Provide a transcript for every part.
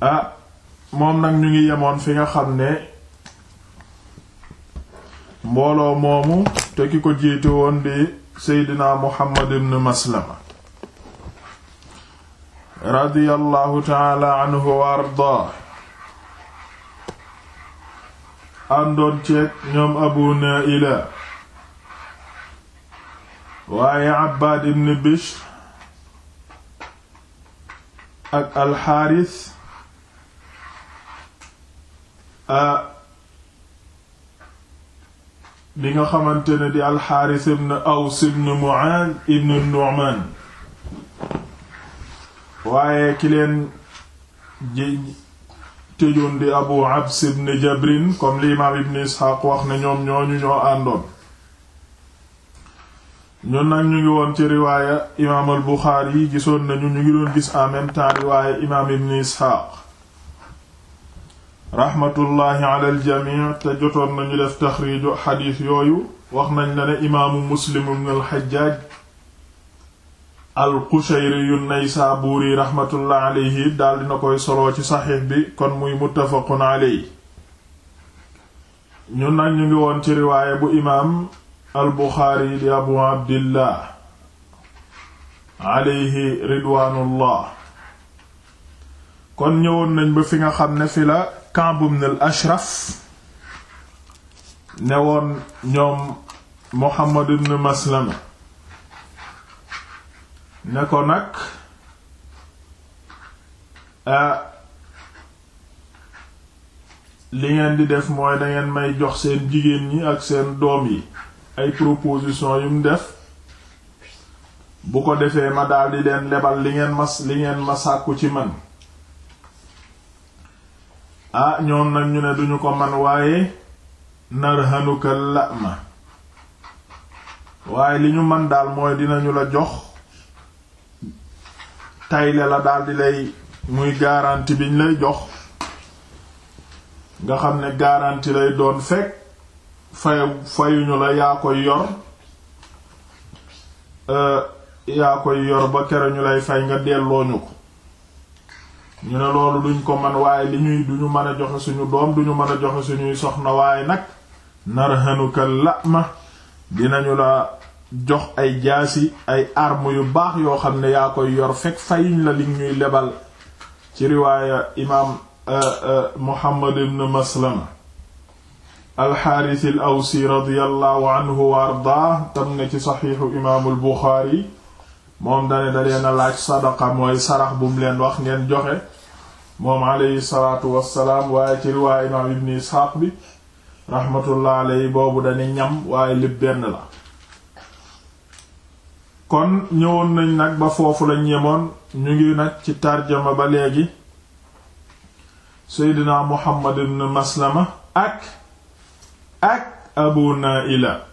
ah moom nag ñu ngi yemoon fi nga xam ne mbooloo moomu te ki ko jiite woon di seydina muhammad ibn maslama radiyallahu taala anhu wa ardaa àndoon ceeg ñoom abu naila waaye abbaad ibn bishr ak alxaaris Ah. bi nga xamante ne di alxaaris ibn aws ibn muaaz ibn nu'man waaye ki leen ji tëjoon di abu abs ibn jabrin comme li imaam ibn isxaaq wax ne ñoom ñooñu ñoo àndoon ñun nag ñu ngi woon ci riwaaya imaam al buxaari yi gisoon nañu ñu ngi doon gis en même riwaaya imaam ibn isxaaq raxmatullahi ala te jotoon nañu def taxriiju xadiis yooyu wax nañ la ne imaamu muslim ibn alxajjaaj alqushayri yu naysaabuuri raxmatullahi alayhi daal dina koy soloo ci saxiix bi kon muy muttafaqun aley ñun nag ñu ngi woon ci riwaaye bu imaam albuxaari di abu abdillah aleyhi ridwaanullah kon ñëwoon nañ ba fi nga xam ne fi la Kaab ibn al-Ashraf ne woon ñoom Muhammad ibn Maslama ne ko nag a li ngeen di def mooy dangeen may jox seen jigéen ñi ak seen doom yi ay proposition yum def bu ko defee ma daldi leen lebal li ngeen ma li ngeen ma sàkku ci man ah ñoom nag ñu ne duñu ko man waaye narhanuka la'ma waaye li ñu man daal mooy dina ñu la jox tayle la daal lay muy garantie biñ lay jox nga xam ne garantie lay doon fekk fayu fayuñu la yaa koy yor eh, yaa koy yor ba kere ñu lay fay nga dellooñu ko ñu ne loolu duñ ko man waaye li ñuy duñu mën joxe suñu doom duñu mën a joxe suñuy soxna waaye nag narhanuka la ma dinañu la jox ay jaasi ay arme yu baax yoo xam ne yaa koy yor fekk fayuñ la li ñuy lebal ci riwaaya imaam euh, euh, Muhammad ibn Maslama alxaaris al awsi radiyallahu ardaah tam ne ci saxiixu imaamul Buxaari moom dane da leen laaj sadaqa mooy sarax bu leen wax ngeen joxe moom alayhi salaatu wassalaam waaye ci riwaaya imaam ibni isxaaq bi rahmatullah alayhi boobu dane ñam waaye lépp benn la kon ñëwoon nañ nag ba foofu lañ yemoon ñu ngi nag ci tarjama ba léegi seydina muhammad ibn maslama ak ak abu naila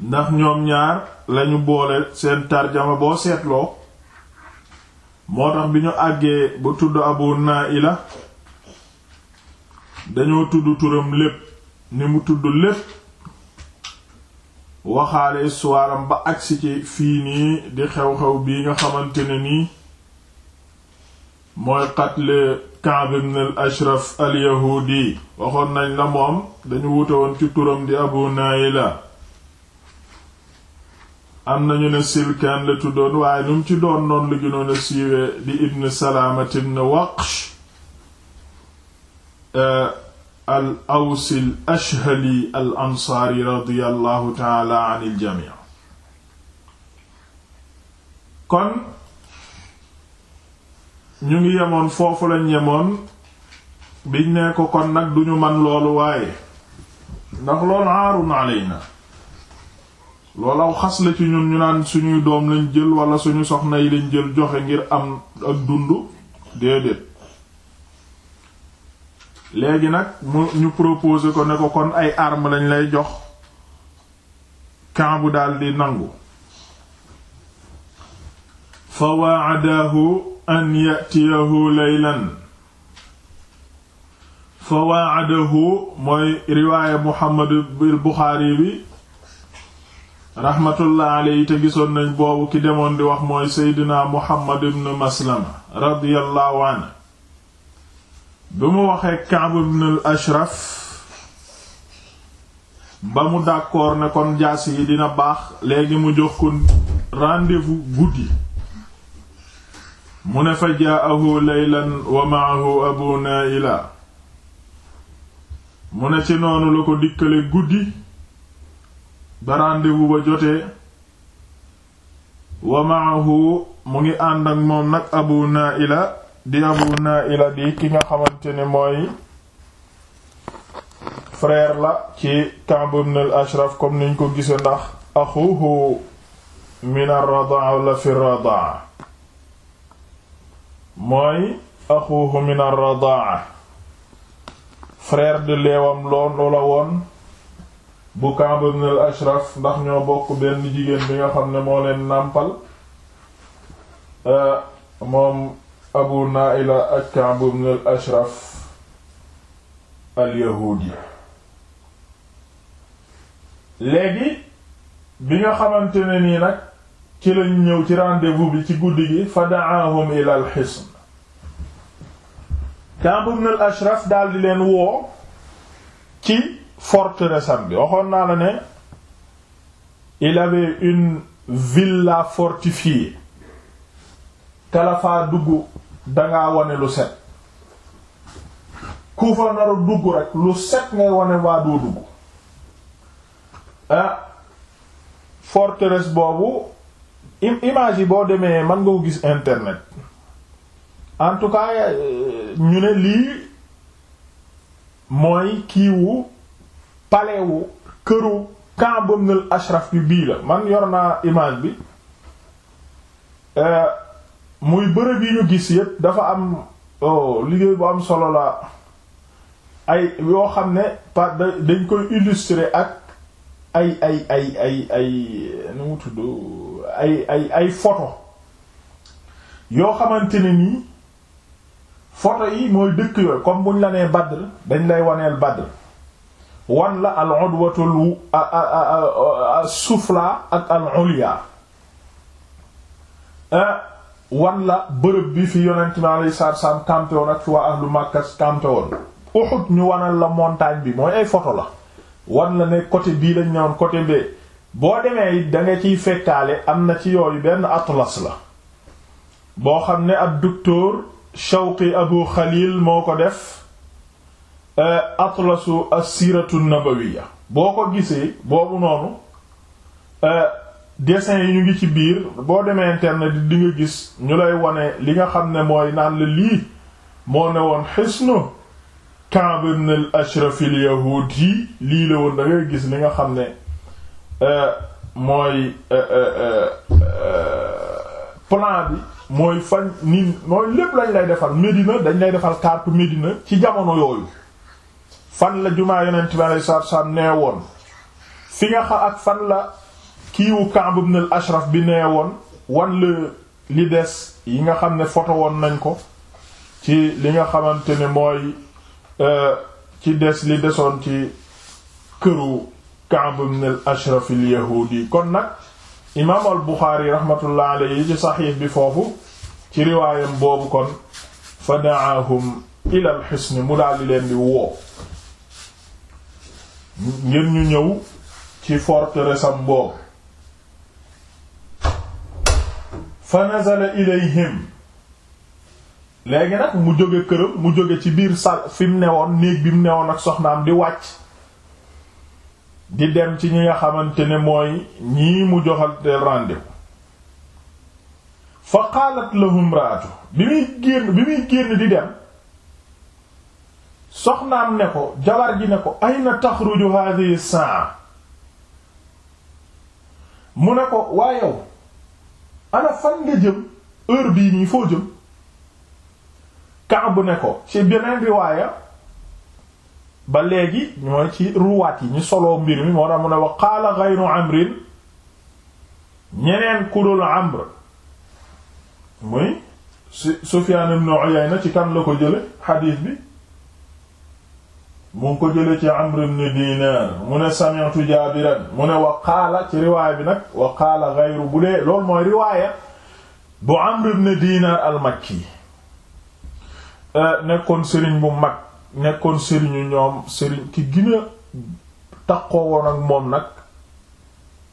ndax ñoom ñaar lañu boole seen tarjama boo seetloo moo tax bi ñu àggee bu tudd abu naila dañoo tudd turam lépp ni mu tudd lépp waxaale histoire ba agsi ci fii nii di xew-xew bii nga xamante ne nii mooy qatle Ka'b ibn al-Ashraf al-Yahudi waxoon nañ la moom dañu wute woon ci turam di abu naila am nañu ne silkaan la tuddoon waaye nu mu ci doon noonu lu gënoon a siiwee di ibn salaamat ibn waqsh eh, al awsi al ashhali al ansaari radiyallahu taala an il jamii kon ñu ngi yemoon foofu lañ yemoon biñ ne ko kon nag duñu man loolu waaye ndax loolu aarun aleyna loolaw xas la ci ñun ñu naan suñuy doom lañ jël wala suñu soxna yi lañ jël joxe ngir am ak dund déedéet léegi nag ñu proposé ko ne ko kon ay armes lañ lay jox Kaabu daldi nangu fa waa'adahu an ya'tiyahu laylan fa waa'adahu mooy riwaaya Muhammad bil Buxaari bi rahmatullah alayhi te gisoon nañ boobu ki demoon di wax mooy seydina muhammad ibn maslama radiyallahu anhu bi mu waxee Ka'b ibn ashraf ba mu d'accord ne kon jaas yi dina baax léegi mu jox ko rendez guddi mu ne fa jaahu leylan wa maahu abu naila mu ne ci noonu la ko dikkale guddi ba ba jotee wa maahu mu ngi ànd ak moom nag abu naila di abu naila di ki nga xamante ne mooy frère la ci Ka'b ashraf comme niñ ko gise ndax axuhu min radaa la fi radaa mooy axuhu min radaa frère de leewam loon loola woon bu Kaab ibn al-Ashraf ndax ñoo bokk benn jigéen bi nga xam ne moo leen nàmpal euh, moom Abu Naila ak Kaab ibn al-Ashraf al-Yahudi léegi bi nga xamante ne nii nag ci lañ ñëw ci rendez bi ci guddi gi fa da'ahum ila al-hisn Kaab ashraf daldi leen woo ci forteresse am bi waxoon naa la ne il avait une villa fortifiée te la faa dugg danga wane lu set ku dugg rek lu set ngay wane waa doo dugg ah boobu image yi boo demee mën nga ko gis internet en tout cas euh, ñu ne lii mooy kiiwu palewu këru Kaab ibn Ashraf bi bii la man yor naa image bi euh, muy bërëb yi ñu gis yépp dafa am oh, liggéey bu am solo la ay yoo xam ne par dañ koy illustrer ak ay ay ay ay ay nu mu tudd ay ay ay photo yoo xamante ne nii photo yi mooy dëkk yooyu comme buñ la nee Badr dañ lay waneel Badr wan la al udwatul sufla ak al ulya eh, wan la bërëb bi fi yonent mi alayhi salaatu salaam campé woon ak fi waa ahlu Makka campé woon Uhud ñu wanal la montagne bi mooy ay photo la wan la ne côté bii lañ ñëwoon côté bee boo demee it da nga ciy fekkaale am na ci yooyu benn atlas la boo xam ne ab docteur Shawqi Abu Khalil moo ko def Eh, atlasu as-siratu nabawiyya boo ko gisee boobu noonu eh, desin yi ñu ngi ci biir boo demee internet di nga gis ñu lay wone li nga xam ne mooy naan lii moo ne woon xisnu Ka'b ibn al-Ashraf al-Yahudi lii la woon da gis li nga xam ne eh, mooy plan bi mooy fan nii mooy lépp lañ lay defal Médina dañ lay defal carte Médina ci jamono yooyu fan la jumaa yonent bi alayhi salaatu salaam nee fi nga xam ak fan la kiiwu Ka'b ibn al bi nee woon wan li des yi nga xam ne foto woon nañ ko ci li nga xamante ne mooy euh, ci des li desoon ci këru Ka'b ibn al-Ashraf kon nag imaam al-Bukhari rahmatullah alayhi ci saxiix bi foofu ci riwaayam boobu kon fa da'ahum ila al mu daal leen di woo ngir ñu ñëw ci forteresse am boobu fa nazala ilayhim léegi nag mu jóge këram mu jóge ci biir sal fi mu newoon néeg bim mu newoon ak soxnaam di wàcc di dem ci ñi nga xamante ne mooy ñii mu joxal te rendez fa qaalat lahum raatu bi muy génn bi muy génn di dem soxnaam ne ko jabar ji ne ko ayna taxruju hadhihi saa mu ne ko waa yow ana fan nga jëm heure bii nii foo jëm Ka'b ne ko ci beneen riwaaya ba léegi ñooy ci ruwaat yi ñu soloo mbir mi moo tax mu ne wa qaala ghayru amrin ñeneen kudul amr muy Sufyaan ibn Uyayna ci kan la ko jële xadiis bi mu ngi ko jële ci Amr ibn Dinar mu ne sami'tu Jaabiran mu ne wa qaala ci riwaaya bi nag wa qaala ghayru bu dee loolu mooy riwaaya bu Amr ibn Dinar euh, nekkoon sëriñ bu mag nekkoon sëriñu ñoom sëriñ ki gina taqoo woon ak moom nag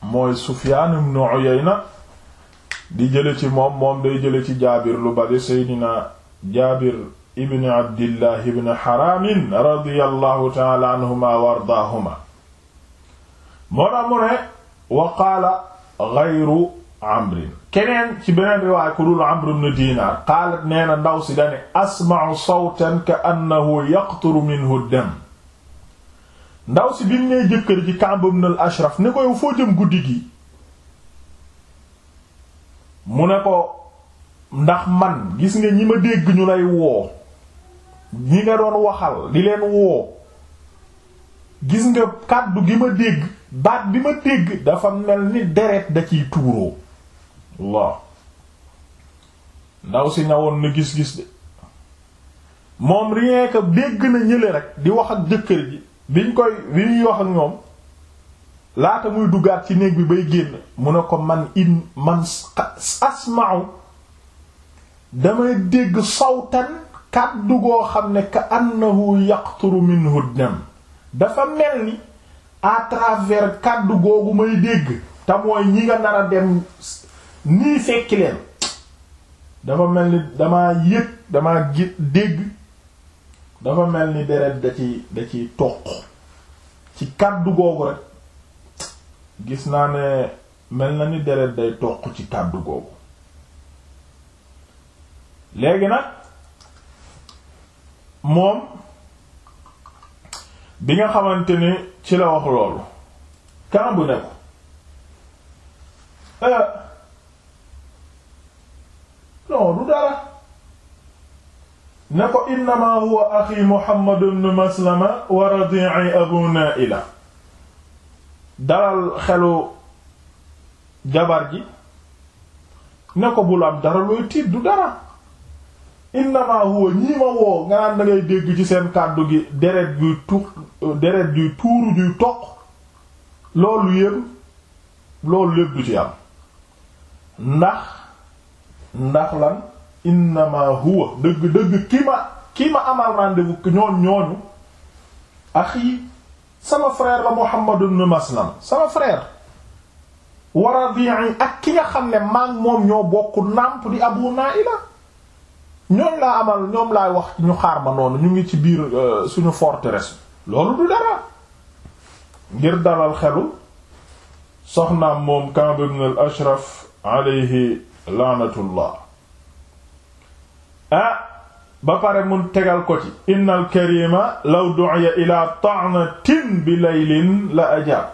mooy Sufyaan ibn Uyayna di jële ci moom moom day jële ci Jaabir lu bari Seydina Jaabir ibn abdillah ibn haramin radiyallahu taala anhuma wa ardaahuma moo tax mu ne wa qaala ghayru amrin keneen ci beneen riwaay ku dul amr ibn diinaar qaalat nee na ndaw si dane asma'u sawtan ka annahu yaqturu minhu dam ndaw si bi mu jëkkër ji Ka'b ibn al ne ko yow foo guddi gi mu ne ko ndax man gis nga ñi ma dégg ñu lay woo ñi nga doon waxal di leen woo gis nga kàddu gi ma dégg baat bi ma dégg dafa mel ni deret da ciy tuuroo waaw ndaw si ñawoon na gis-gis de moom rien que dégg na ñële rek di wax ak jëkkër ji biñ koy bi ñuy wax ak ñoom laata muy duggaat ci néeg bi bay génn mu ne ko man in man asma'u damay dégg sawtan kàddu goo xam ne ka annahu yaqturu minhu dam dafa mel ni àtraver kàddu googu may dégg te ñi nga nar a dem nii fekki dafa mel ni damaa yëg damaa gi dégg dafa mel ni deret da ci da ciy toq ci kàddu googu rek gis naa ne mel na ni deret day toq ci kàddu googu léegi nag moom bi nga xamante ni ci la wax loolu Kamb ne ko euh, non du dara ne ko innama huwa axi Muhammad ibn Maslama wa radi'i Abu Naila dalal xelu jabar ji ne ko bul am dara looy tiit du dara innama huwa ñi ma woo nga naan da dégg ci seen kàddu gi deret juy tu deret juy tuuru juy toq loolu yépp loolu lépp du ci am ndax ndax lan innama huwa dëgg dëgg ki ma ki ma amal rendez-vous ñooñu axi sama frère la Muhammad ibn Maslam sama frère wa rabi'i ak ki nga xam ne maak moom ñoo bokk nàmp di Abu la ñoom laa amal ñoom laay wax ñu xaar ma noonu ñu ngi ci biir euh, suñu forteresse loolu du dara ngir dalal xelu soxnaam moom Ka'b ibn ashraf alayhi ah, ba pare mun tegal ko ci inna al-karima law du'iya ila ta'natin bi laylin la ajab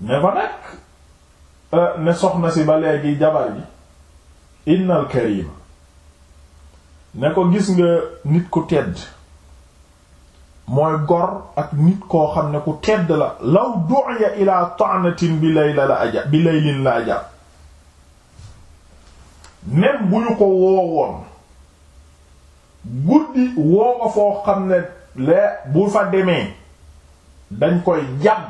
ne ba nag euh, ne soxna si ba léegi jabar ji inna al ne ko gis nga nit ku tedd mooy gor ak nit koo xam ne ku tedd la law du'ya ila ta'natin bi layla la aja bi laylin la aja même bu ñu ko woowoon guddi woo ko foo xam ne lee bu fa demee dañ koy jàmm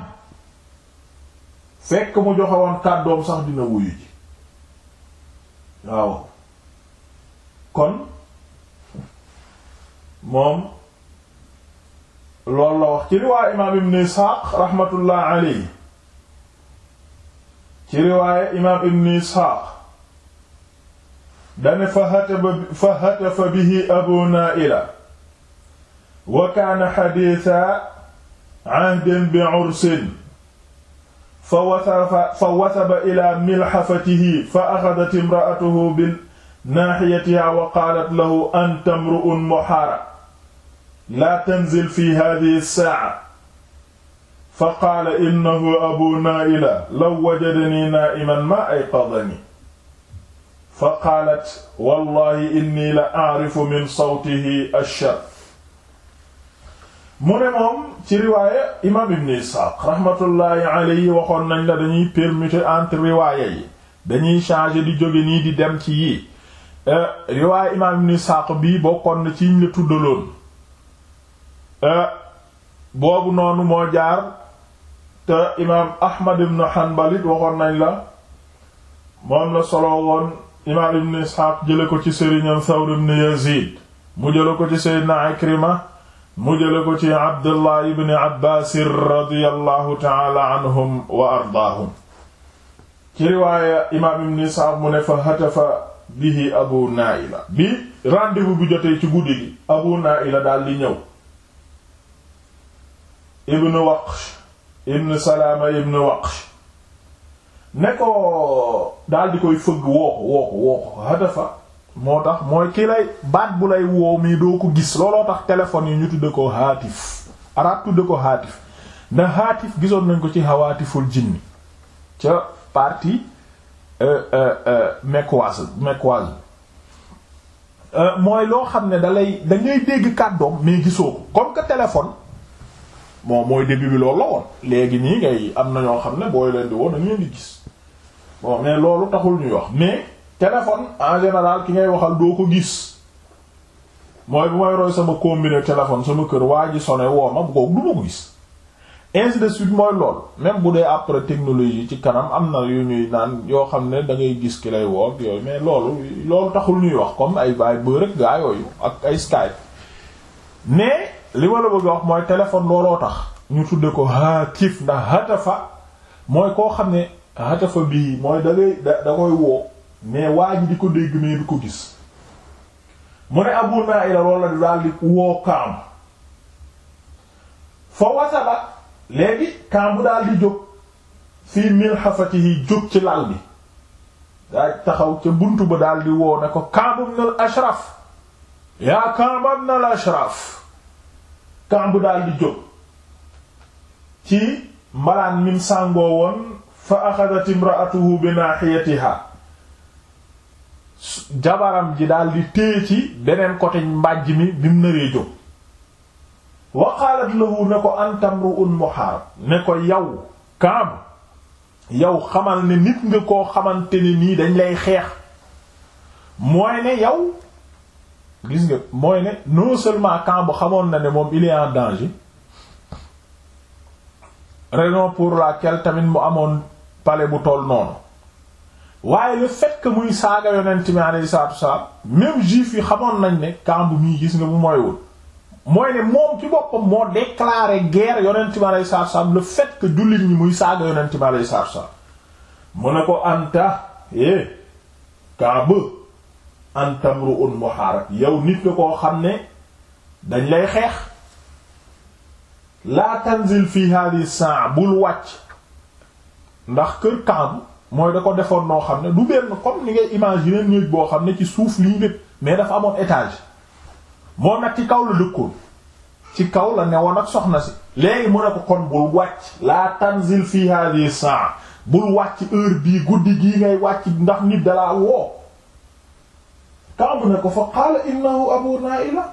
fekk mu joxe woon kàddoom sax dina wuyu ji waaw kon moom loolu la wax ci riwaaya imaam ibn isxaaq raxmatullah aley ci riwaaya imaam ibn isxaaq dane fa hatafa bihi abu naa'ila wa kaana xadiisa ahdin bi ursin fa wasaba ila milxafatihi fa axadat imraatuhu bil naaxiyatiha wa qaalat lahu anta mru'un muhaarab laa tanzil fi haadihi saa'a fa qaala innahu abu naa'ila law wajadanii naa'iman maa ayqadanii fa qaalat wallahi inni la a'rifu min sawtihi ash-sharr mu ne moom ci riwaaya imaam ibn Isxaaq raxmatullaahi alayhi waxoon nañ la dañuy permuter entre riwaaya yi dañuy changer di jóge nii di dem ci yii Eh, riwaay imaam ibn Isaaq bi bokkoon na ci ñu la tuddaloon eh, boobu noonu moo jaar te imaam Ahmad ibn Hanbal waxoon nañ la moom la solo woon imaam ibn Isxaaq jële ko ci sëriñam Sawr ibn Yazid mu jële ko ci Seydina Ikrima mu jële ko ci Abdullah ibn Abbaas radiyallahu ta'ala anhum wa ardaahum ci riwaaya imaam ibn Isxaaq mu ne fa hatafa bihi abu naila bi rendez bi jotee ci guddi gi abu naila daal di ñëw ibnu waqsh ibnu salaama ibnu waqsh ne ko daal di koy fëgg wooku wooku wooku hadafa moo tax mooy ki lay baat bu lay woow doo ko gis looloo tax téléphone yi ñu tudde ko haatif arab tudde ko haatif ndax haatif gisoon nañ ko ci hawatiful jinni ca partie Euh, euh, euh, mecquoise mecquoise mooy loo xam ne dalay lay da ngay dégg kàddoom mais gisoo ko comme que téléphone moom mooy début bi loolu la woon léegi nii ngay am na ñoo xam ne booy leen di woon dañu leen di gis bon mais loolu taxul ñuy wax mais téléphone en général ki ngay waxal doo ko gis mooy bu may roy sama combiné téléphone sama kër waa ji sone woo ma bu ko du ko gis. ainsi de suite mooy lool même bu dee après technologie ci kanam am na yu ñuy naan yoo xam ne dangay gis ki lay woo yooyu mais loolu loolu taxul ñuy wax comme ay baay bër gaa yooyu ak ay Skype mais li ma la bëgg a wax mooy téléphone looloo tax ñu tudde ko haatif ndax hatafa mooy koo xam ne hatafa bii mooy da da da koy woo mais waa ji di ko dégg mais di ko gis mu ne Abu Naila loolu la daal di woo kaam wasaba léegi kaamu daal di jóg fii milhafatihi jóg ci lal bi daa taxaw ca bunt ba daal di woo ne ko Ka'b ibn al-Ashraf yaa Ka'b ibn ashraf Ka'b daal di jóg ci mbalaan min sàngoo woon fa axadat imra'atuhu bi nahiyatiha jabaram ji daal téye ci beneen côté mbàjj mi bi mu naree jóg wa qaalat lahu ne ko antamru'un muharram ne ko yow kaam yow xamal ne nit nga koo xamante ni nii dañ lay xeex mooy ne yow gis nga mooy ne non seulement Kaab xamoon na ne moom il en danger raison pour laquelle tamit mu amoon pale bu tool noonu waaye le fait muy saaga yonent mi alayhi salaatu wa salaam juif yi xamoon nañ ne kàmb mii gis nga bu mooywul mooy ne moom ci boppam moo déclaré guerre yonent mi alayhi salaatu salaam le fait que jullit ñi muy saaga yonent mi alayhi salaatu salaam mu ne ko anta eh Kaaba antamru'un muharib yow nit nga koo xam ne dañ lay xeex la tanzil fi hadhihi saa bul wàcc ndax kër Kaaba mooy da ko defoon noo xam ne du benn comme ni ngay imaginer néeg boo xam ne ci suuf lii lépp mais dafa amoon étage moom nag ci kaw la dëkkoon ci kaw la newoon ak soxna si léegi mu ne ko kon bul wàcc la tanzil fi hadhihi saa bul wàcc heure bii guddi gii ngay wàcc ndax nit dalaa woo Kaab ne ko fa qaala innahu Abu Naila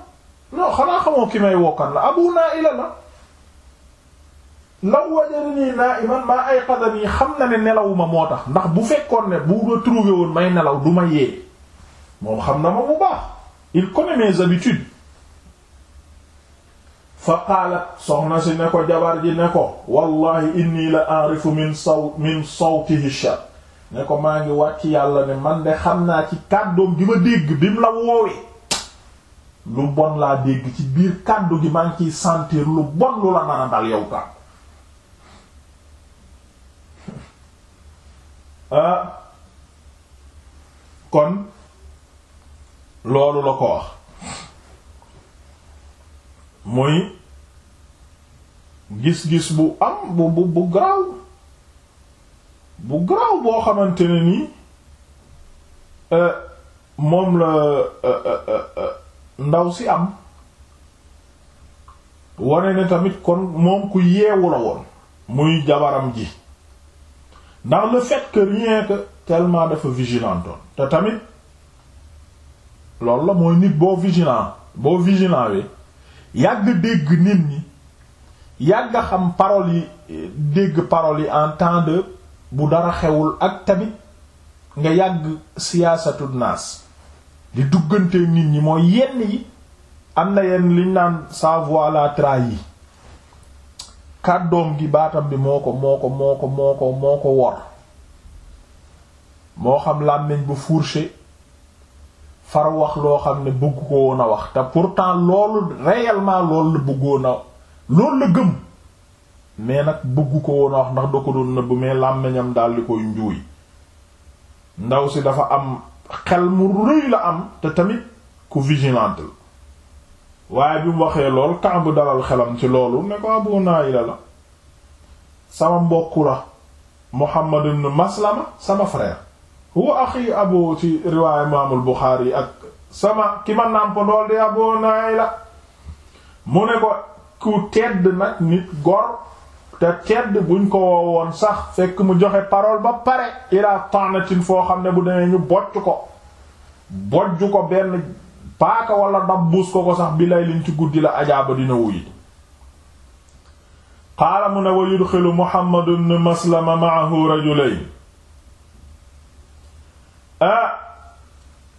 non xanaa xamoo la law wajadani naa'iman maa ayqadani xam na ne nelawuma moo tax ndax bu fekkoon ne bu ma trouvé woon may nelaw du ma yee moom xam na ma bu baax il connaît mes habitudes fa qaalat soxna si ne ko jabar ji ne ko wallahi inni la arifu min saw min sawtihi shar ne ko maa ngi wàcc yàlla ne man de xam naa ci kàddoom gi ma dégg bi mu la woowee lu bon laa dégg ci biir kàddu gi maa ngi ci sentir lu bon lu la mën a dal yow tam ah. kon loolu la ko wax muy gis-gis bu am bu bu bu garaaw bu garaaw boo xamante ne nii euh, moom la euh, euh, ndaw si am wane ne tamit kon moom ku yeewu la woon muy jabaram ji ndax la fait que rien que tellement dafa vigilantoon te tamit loolu la mooy nit boo vigilant boo vigilant yàgg dégg nit ñi yàgg xam paroles yi dégg paroles yi en temps de bu dara xewul ak tamit nga yàgg siyaasatu naas di duggante nit ñi mooy yenn yi am na yenn liñ naan sa voix la trahit kàddoom gi baatam bi moo ko moo ko moo ko moo ko moo ko wor moo xam làmmiñ bu fourché far wax loo xam ne bëgg ko woon a wax te pourtant loolu réellement loolu la bëggoon loolu la gëm mais nag bëggu ko woon a wax ndax da ko doon nëbb mais làmmiñam daal di koy njuuy ndaw si dafa am xel mu rëy la am te tamit ku vigilante la waaye bi mu waxee lool Kaab dalal xelam ci loolu ne ko Abu Naila la sama mbokku la Muhammad ibn Maslama sama frère huwa axi abu ci riwaaya Imaamul Buxaari ak sama ki ma nàmp lool di Abu Naila mu ne ko ku tedd nag nit gor te tedd buñ ko woon sax fekk mu joxe parole ba pare ilaa tanatin foo xam ne bu demee ñu bocc ko bojj ko benn paaka wala dabbus ko ko sax bi lay liñ ci guddi la ajaaba dina wuyi qaala mu ne wa yudxilu Muhammad ibn Maslama ma'ahu rajulayn ah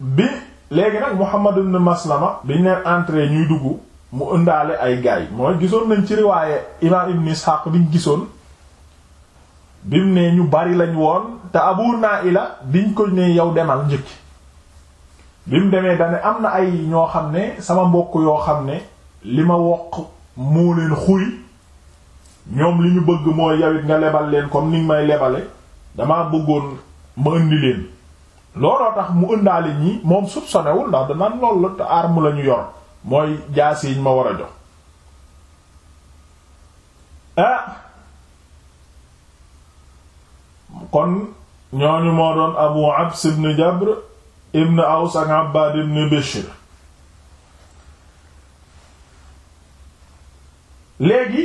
bi léegi nag Muhammad ibn Maslama biñ leen entrée ñuy dugg mu ëndaale ay gaay mooy gisoon nañ ci riwaaye imaam ibn Ishaq biñ gisoon bim ne ñu bari lañu woon te Abu Naila biñ ko ne yow demal njëkk bim demee dane am na ay ñoo xam ne sama mbokk yoo xam ne li ma wokk moo leen xuy ñoom li ñu bëgg mooy yawit nga lebal leen comme ni may lebale dama bëggoon ma indi leen looloo tax mu ëndaale ñi moom soupçonné wul ndax danaan loolu la te arme la ñu mooy jaasi yiñ ma war a jox ah kon ñooñu moo doon abu abs ibn jabr ibn aws ak abbad ibn bishr léegi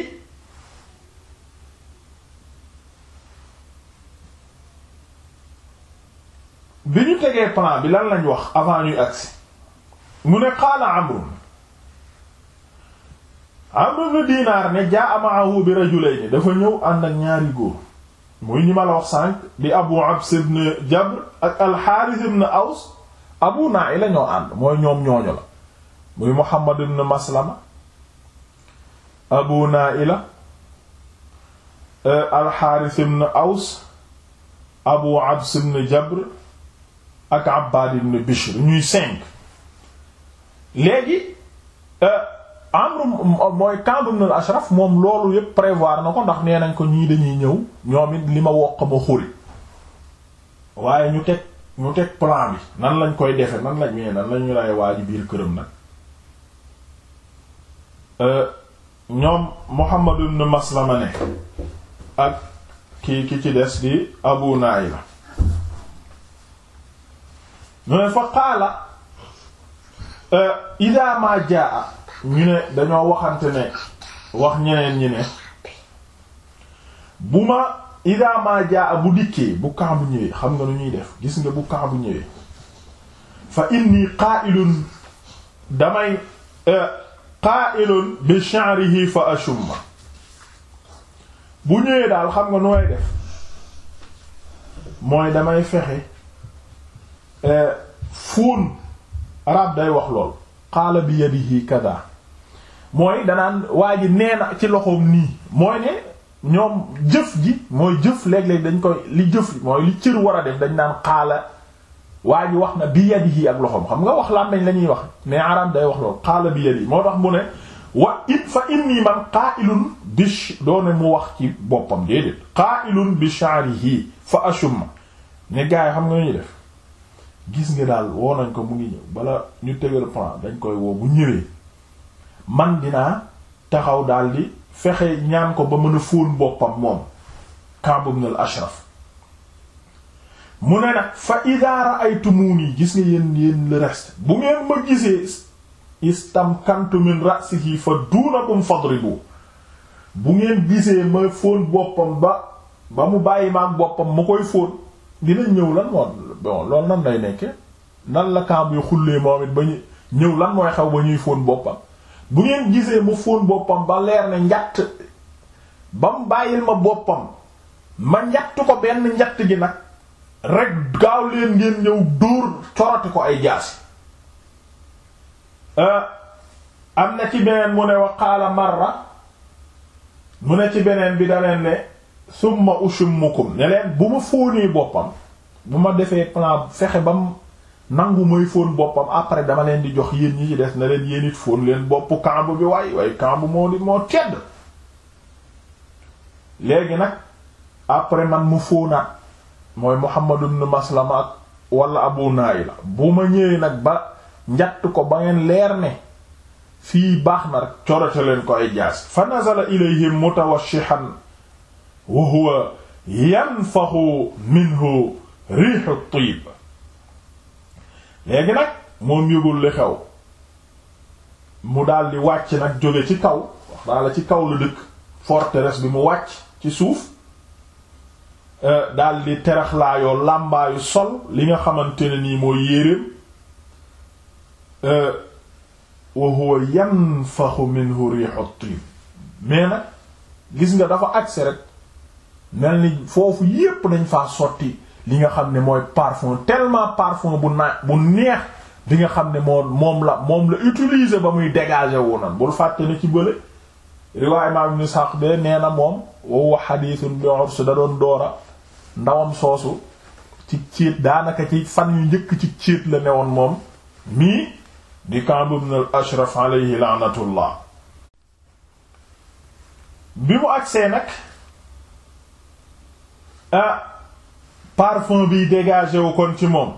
bi ñu tegee plan bi lan lañ wax avant ñuy agsi mu ne qaala amrun Amr ibn Dinaar ne jaa ma'ahu bi rajulayni dafa ñëw ànd ñaari góor muy ñi ma la wax Abu Abs ibn Jabr Aws Abu Naila ñoo ànd mooy ñoom ñooñu la muy Muhammad ibn Maslama Abu Naila eh, al-Harith Aws Abu Abs ibn Jabr ak Abbad ibn Bishr ñuy léegi. Eh, Amr mooy Ka'b ashraf moom loolu yëpp prévoir na ko ndax nee nañ ko ñii dañuy ñëw ñoom it li ma wokk ma xuri waaye ñu teg ñu teg plan bi nan lañ koy defe nan lañ mee nan lañu lay waaji biir këram nag euh, ñoom Muhammad ibn Maslama ne ak kii ki ci des di Abu Naila ñu ne fa qaala euh, idaa ma jaa ñu ne dañoo waxante ne wax ñeneen ñi ne bu ma idaa ma jaa bu dikkee bu kaabu ñëwee xam nga lu ñuy def gis nga bu kaabu ñëwee fa inni qaa'ilun damay euh, qaa'ilun bi sha'rihi fa ashumma bu ñëwee daal xam nga nooy def mooy damay fexe euh, fóon arab day wax lool qaala bi yadihi kada mooy danaan waa ji nee na ci loxoom nii mooy ne ñoom jëf ji mooy jëf léeg-léeg dañ koy li jëf mooy li cër war a def dañ naan xaala waa ji wax na bi yadihi ak loxoom xam nga wax làmmiñ la ñuy wax mais arab day wax loolu xaala bi yadihi moo tax mu ne wa it fa inni man qaa'ilun bi doone mu wax ci boppam déedéet qaa'ilun bi sha'rihi fa ashum ne gars yi xam nga ñuy def gis nga daal woo nañ ko mu ngi ñëw bala ñu tegal plan dañ koy woo bu man dinaa taxaw daldi fexe ñaan ko ba mën a fóon boppam moom Kaab ibn ashraf mu ne nag fa idaa ra'aytumuuni gis nga yéen yéen le reste bu ngeen ma gisee istamkantu min ra'sihi fa duunakum fadribu bu ngeen gisee ma fóon boppam ba ba mu bàyyi maam boppam ma koy fóon dina ñëw lan moom bon loolu nan lay nekke nan la Kaab yu xullee moom it ba ñu ñëw lan mooy xew ba ñuy fóon boppam bu ngeen gisee mu fóon boppam ba leer ne njatt ba mu bàyyil ma boppam ma njatt ko benn njatt gi nag rek gaaw leen ngeen ñëw duur coroti ko ay jaasi euh, am na ci beneen mu ne wa qaala mu ne ci beneen bi da leen ne summa ushummukum ne leen bu ma fóonee boppam bu ma defee plan fexe ba mu nangu mooy fóon boppam après dama leen di jox yéen ñi ci des na leen yéen it fóon leen boppu kamb bi waay waay kamb moo di moo tedd léegi nag après man mu fóonaat mooy Muhammad ibn Maslama ak wala Abu Naila bu ma ñëwee nag ba njatt ko ba ngeen leer ne fii baax na rek corote leen ko ay jaas fa nazala ilayhim mutawashihan wa huwa yanfaxu minhu rihu tib léegi nag moom yëgul li xew mu daldi wàcc nag jóge ci kaw wax daa ci kaw la dëkk forteresse bi mu wàcc ci suuf euh, daldi teraxlaayoo làmbaayu sol li nga xamante ni nii mooy yéreem euh, wa huwa yanfaxu minhu rihu tib mais nag gis nga dafa agsi rek mel ni foofu yépp dañ faa sotti li nga xam ne mooy parfum tellement parfum bu naa bu neex bi nga xam ne moo moom la moom la utiliser ba muy dégager wu nan bul fàtte ne ci bële riwaay imaam ibn Sa'd be nee na moom wow xadiisun bi urs da doon doora ndawam soosu ci ciit daanaka ci fan yu njëkk ci ciit la woon moom mii di Ka'b ibn al-Ashraf alayhi la'natullah bi mu agsee nag ah, parfum bi dégagé wu kon ci moom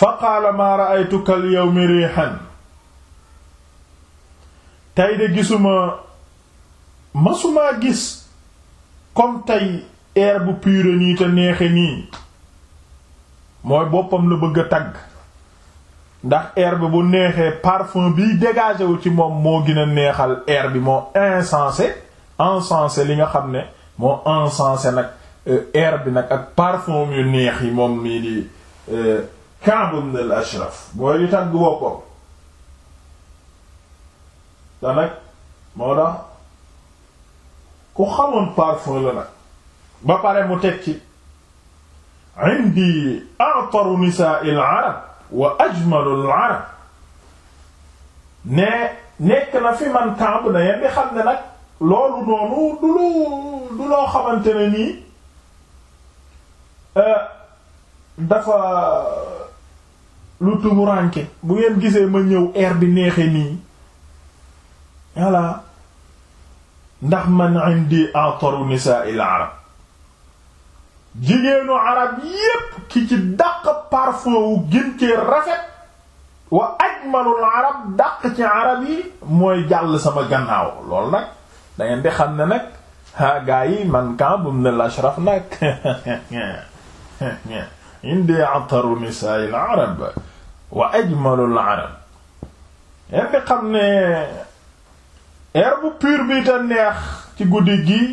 fa ay maa ra'aytuka al yawmi rihan tey de gisuma masumaa gis comme tey air bu pure nii te neexe nii mooy boppam la bëgg a tagg ndax air bi bu neexee parfum bi dégagé wu ci moom moo gën a neexal air bi moo insensé insensé li nga xam ne moo encensé nag euh, air bi nag ak parfum yu neex yi moom nii di euh, Ka'b ibn al-Ashraf mooy di tagg boppam te nag moo tax ku xamoon parfum la ba pare mu teg ci indi a'taru nisaa'i al-arab wa ajmalu al-arab ne nekk na fi man Ka'b na yenn xam ne nag loolu noonu du lu du loo xamante ne nii euh, dafa lu tumuranke bu ngeen gisee ma ñëw air bi neexee nii voilà ndax man indi ataru nisaa'il arab jigéenu arab yépp ki ci dàq parfum wu gën rafet wa ajmalul arab dàq ci arab yi mooy jàll sama gannaaw lool nag da ngeen di xam ne nag ah gars yi man Ka'b ibn al-Ashraf nag indi ataru nisaa'il arab wa ajmalul arab ngeen di xam ne air pur bi te neex ci guddi gi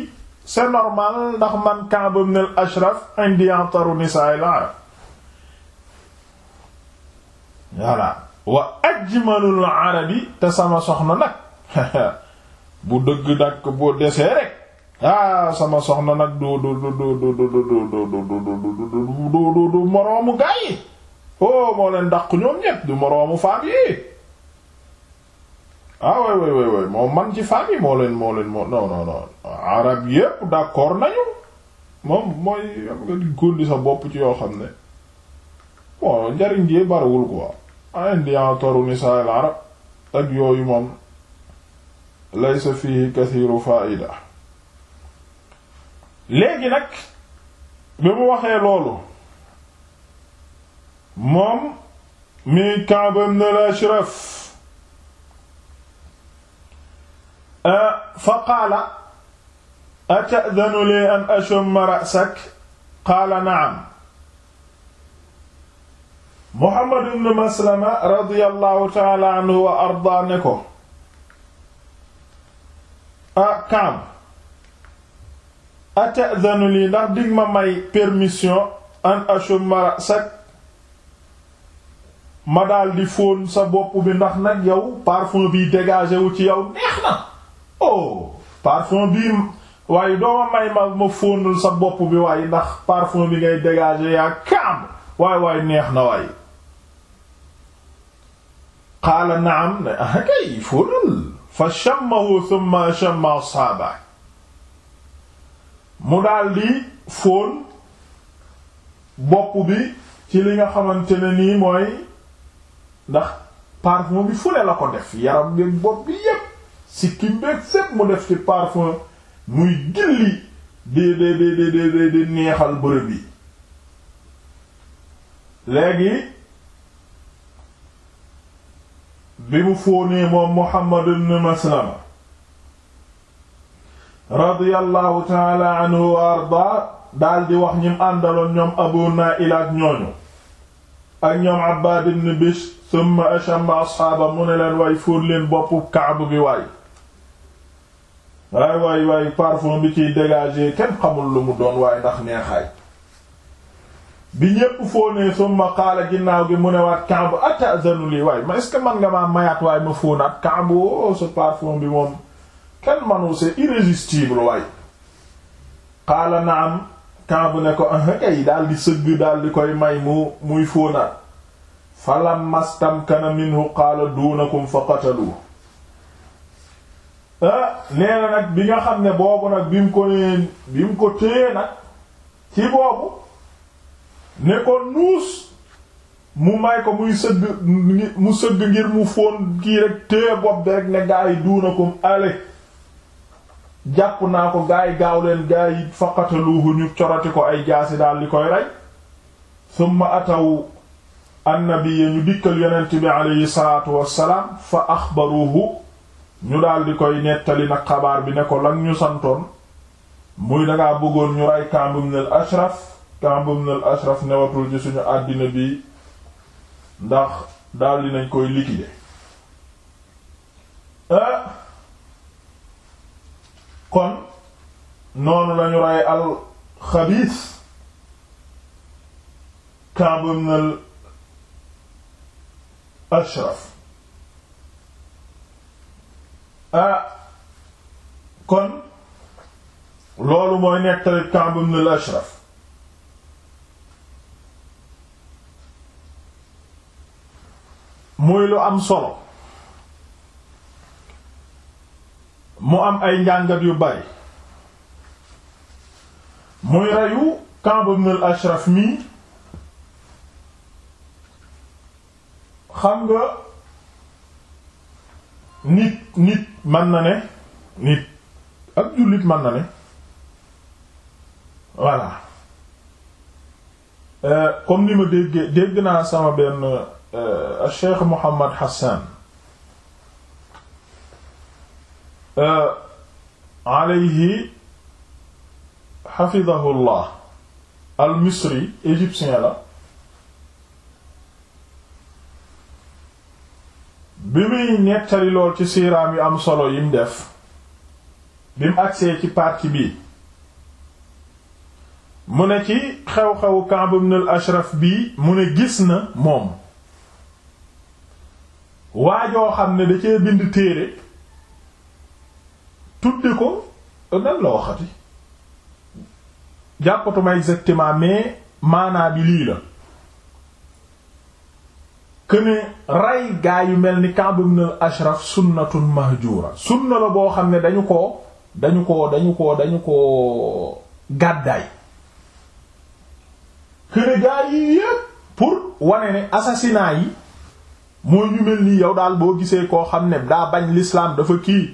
c'est normal ndax man Ka'b ibn al-Ashraf indi ataru nisaa'il arab voilà wa ajmalul arabi te sama soxna nag. bu dëgg dakk bu desee rek ah sama soxna nag du du du du du du du du moroomu gaa yi oh moo leen dàq ñoom ñépp du moroomu faam yi ah way way way way moom man ci faam yi moo leen moo leen moo non arab yépp d'accord nañu moom mooy am sa bopp ci yoo xam ne bon njariñ jee bariwul quoi indian toru nisaa al arab ak yooyu moom laysa fihi kathiru faida léegi nag bi mu waxee loolu moom mi Ka'b ibn al-Ashraf fa qaala ata'dhanu li an ashumma ra'sak qaala na'am Muhammad ibn Maslama radiyallahu ta'ala anhu wa arda ne ko ah Kaab ata'zanu lii ndax dig ma may permission an ashumma ra'sak ma daldi fóon sa bopp bi ndax nag yow parfum bi dégagé wu ci yow neex na oh parfum bi waaye dooma may ma ma fóonul sa bopp bi waaye ndax parfum bi ngay dégagé yaa Kaab waay waay neex na waay qaala na'am ne ah fa shammahu thumma shamma ashaaba mu daldi fóon bopp bi ci li nga xamante ne nii mooy ndax parfum bi fule la ko def yaram bi bopp bi yépp sikkim beeg fépp mu def ci parfum muy gilli di di di di di di neexal bërëb yi léegi bi mu fóonee moom Muhammad ibn Maslama radiyallahu taala anhu wa arda daldi wax ñim àndaloon ñoom Abu Naa'il ak ñooñu ak ñoom Abbaad ibn Bishr summa ashamba asxaaba mu ne leen waay fóon leen boppu Kaab bi waay waay waay waay parfum bi ciy dégager kenn xamul lu mu doon waaye ndax neexaay bi ñépp fóonee summa qaala ginnaaw gi mu ne waat Kaabu atazanu lii waay ma est-ce que man nga maa mayaat waaye ma fóonaat Kaabu oh ce parfum bi moom kenn manu c'est irrésistible waay qaala naam Kaabu ne ko ah sëgg daal koy may mu muy fóonaat falamma stamkana minhu qaala duunakum fa qatalu ah nee na nag bi nga xam ne boobu nag bi mu ko nee bi mu ko téye nag ci boobu. ne nuus mu may ko muy sëgg mu sëgg ngir mu fóon kii rek tée bi rek ne gaa yi duunakum ale jàpp naa ko gaa yi gaaw leen yi faqataluuhu ñu coroti ko ay jaasi daal di koy rey summa ataw annabiyya ñu dikkal yonent bi aleyhi salaatu wassalaam fa axbaruuhu ñu daal koy nettali nag xabaar bi ne ko lan ñu santoon muy dangaa bëggoon ñu rey Kaab al Ashraf Ka'b ibn ashraf newatul ci suñu àddina bi ndax daldi nañ koy liquider ah! kon noonu lañu rey al xabiis Ka'b ashraf ah! kon loolu mooy nettali Ka'b ashraf mooy lu am solo mu am ay njàngat yu bari muy reyu Kaab ibn ashraf mi xam nga nit nit mën na ne nit ab jullit mën na ne voilà euh, comme li ma déggee dégg naa sama benn Euh, Cheikh Mohammad Hassan euh, alayhi xafidahullah al misri égyptien la bi muy nettali lool ci siiraam yu am solo yim def bi mu agsee ci partie bi mu ne ci xew-xewu Ka'b ibn al Ashraf bii mu ne gis na moom waajoo xam ne da cee bind téere tudde ko nan la waxati jàppatuma exactement mais maanaa bi lii la këne rey gaa yu mel ni Ka'b ibn al-Ashraf sunnatun mahjura sunna la boo xam ne dañu ko dañu ko dañu ko dañu ko gàddaay këne gaa yi yépp pour wane ne assassinat yi mooy ñu mel nii yow daal boo gisee koo xam ne daa bañ lislaam dafa kii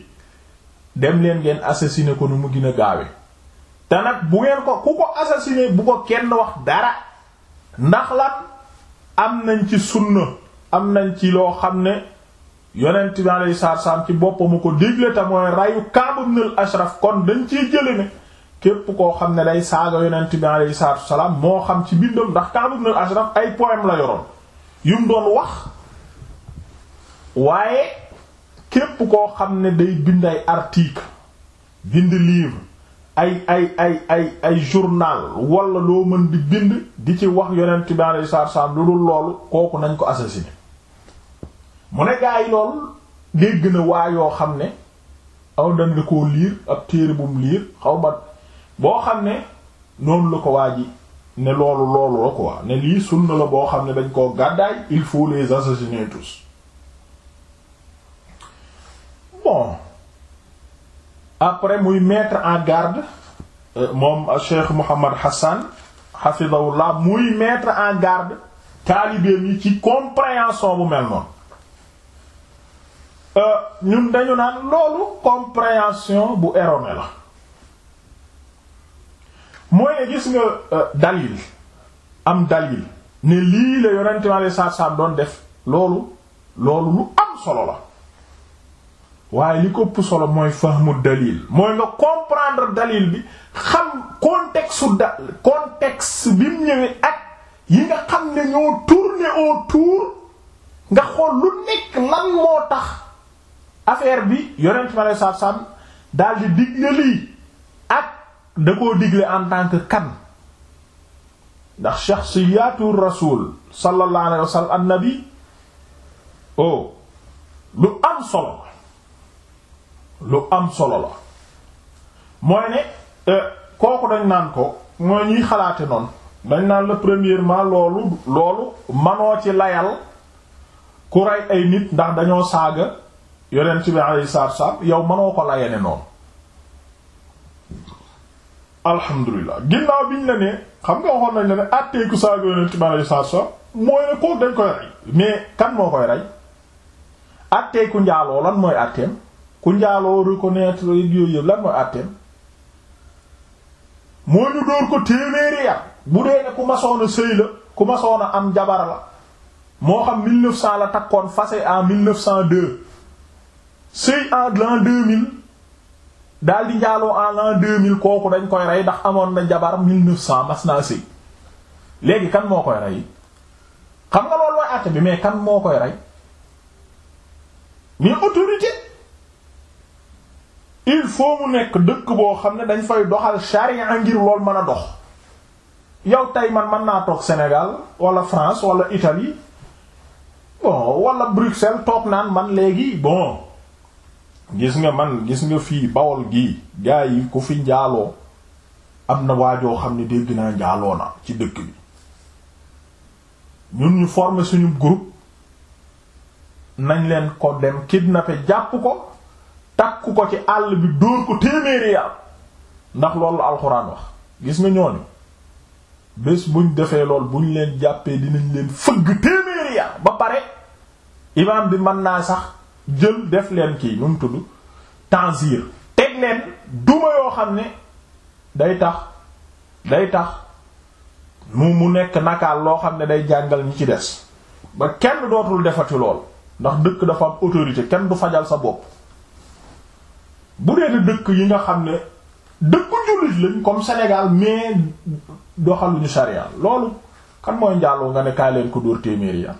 dem leen ngeen assassiner ko nu mu gën gaawe te nag bu ngeen ko ku ko assassiner bu ko kenn wax dara ndax lan am nañ ci sunna am nañ ci loo xam ne yonent bi alayhi salaam ci boppam ko digle te mooy rayu Kaab ibn al Ashraf kon dañ ciy jële ne képp koo xam ne day saaga yonent bi alayhi salaam moo xam ci bindam ndax Kaab ibn al Ashraf ay poème la yoroon yum doon wax waaye képp koo xam ne day bind ay article bind livre ay ay ay ay ay journal walla loo mën di bind di ci wax yonent bi alayhi salaatu salaam lu dul loolu kooku nañ ko assassiné mu ne gaa loolu dégg na waa yoo xam ne aw dan nga koo liir ab téere bum liir xaw ma boo xam ne noonu la ko waa ji ne loolu loolu la quoi ne lii sunna la boo xam ne dañ koo gàddaay il faut les assassiner bon après muy mettre en garde euh, moom euh, Cheikh Mouhamad Hassan hafidahullah muy mettre en garde taalibeem yi ci compréhension bu mel noonu euh, ñun dañu naan loolu compréhension bu erronée la mooy ne gis nga dalil am dalil ne lii la yonente mi alei satu doon def loolu loolu lu am solo la waaye li ko ëpp solo mooy fahmu dalil mooy nga comprendre dalil bi xam contexte da contexte bi mu ñëwee ak yi nga xam ne ñoo tourner autour nga xool lu nekk lan moo tax affaire bi yonent ma lay saabsaab daal di digle lii ak da digle en tant kan ndax shakhsiyatu rasul sallallahu alayhi wa sallam annabi oh, lu am solo. lu am solo la mooy ne euh, kooku dañ naan ko mooy ñuy xalaate noonu dañ naan la premièrement loolu loolu manoo ci layal ku rey ay nit ndax dañoo saaga yonent bi alayhi salaatu yow manoo ko layane noonu alhamdulilah ginnaaw biñ la ne xam nga waxoon nañ la ne àttee ku saaga yonent bi alayhi salaatu mooy ne kooku dañ koy rey mais kan moo koy rey àttee njaaloo lan mooy àtteem ku njaaloo reconnaître yooyu yëpp lan mooy àtteem moo ñu dóor ko téeméeri yar bu dee ne ku masoon sëy la ku masoon a am jabar la moo xam 1900 la takkoon fase en 1902 sëy en l'an 2000 daal di njaaloo en l'an 2000 kooku dañ koy rey ndax amoon na jabar 1900 mas naa sëy léegi kan moo koy rey xam nga loolu mooy àtte bi mais kan moo koy rey mais autorité. il faut mu nekk dëkk boo xam ne dañ fay doxal charia ngir lool mën a dox yow tey man mën naa toog senegal walla France wala Italie bon wala Bruxelles toog naan man léegi bon gis nga man gis nga fii Bawol gi gaa yi ku fi njaaloo am na waajoo xam ne dégg naa njaaloo na ci dëkk bi ñun ñu former suñu groupe nañ leen ko dem kidnapper jàpp ko takku ko ci àll bi dóor ko téeméeri yar ndax loolu alxuraan wax gis nga ñooñu bés buñ defee lool buñ leen jàppee dinañ leen fëgg téeméeri yar ba pare imaam bi mën naa sax jël def leen kii ñu mu tudd tanzir teg leen duma yoo xam ne day tax day tax mu mu nekk nakaal loo xam ne day jàngal ñi ci des ba kenn dootul defati lool ndax dëkk dafa am autorité kenn du fajal sa bopp bu dee dëkk yi nga xam ne dëkku jullit lañ comme Sénégal mais doxaluñu sharia loolu kan mooy njaaloo nga ne kaay leen ko dóor téeméeri yam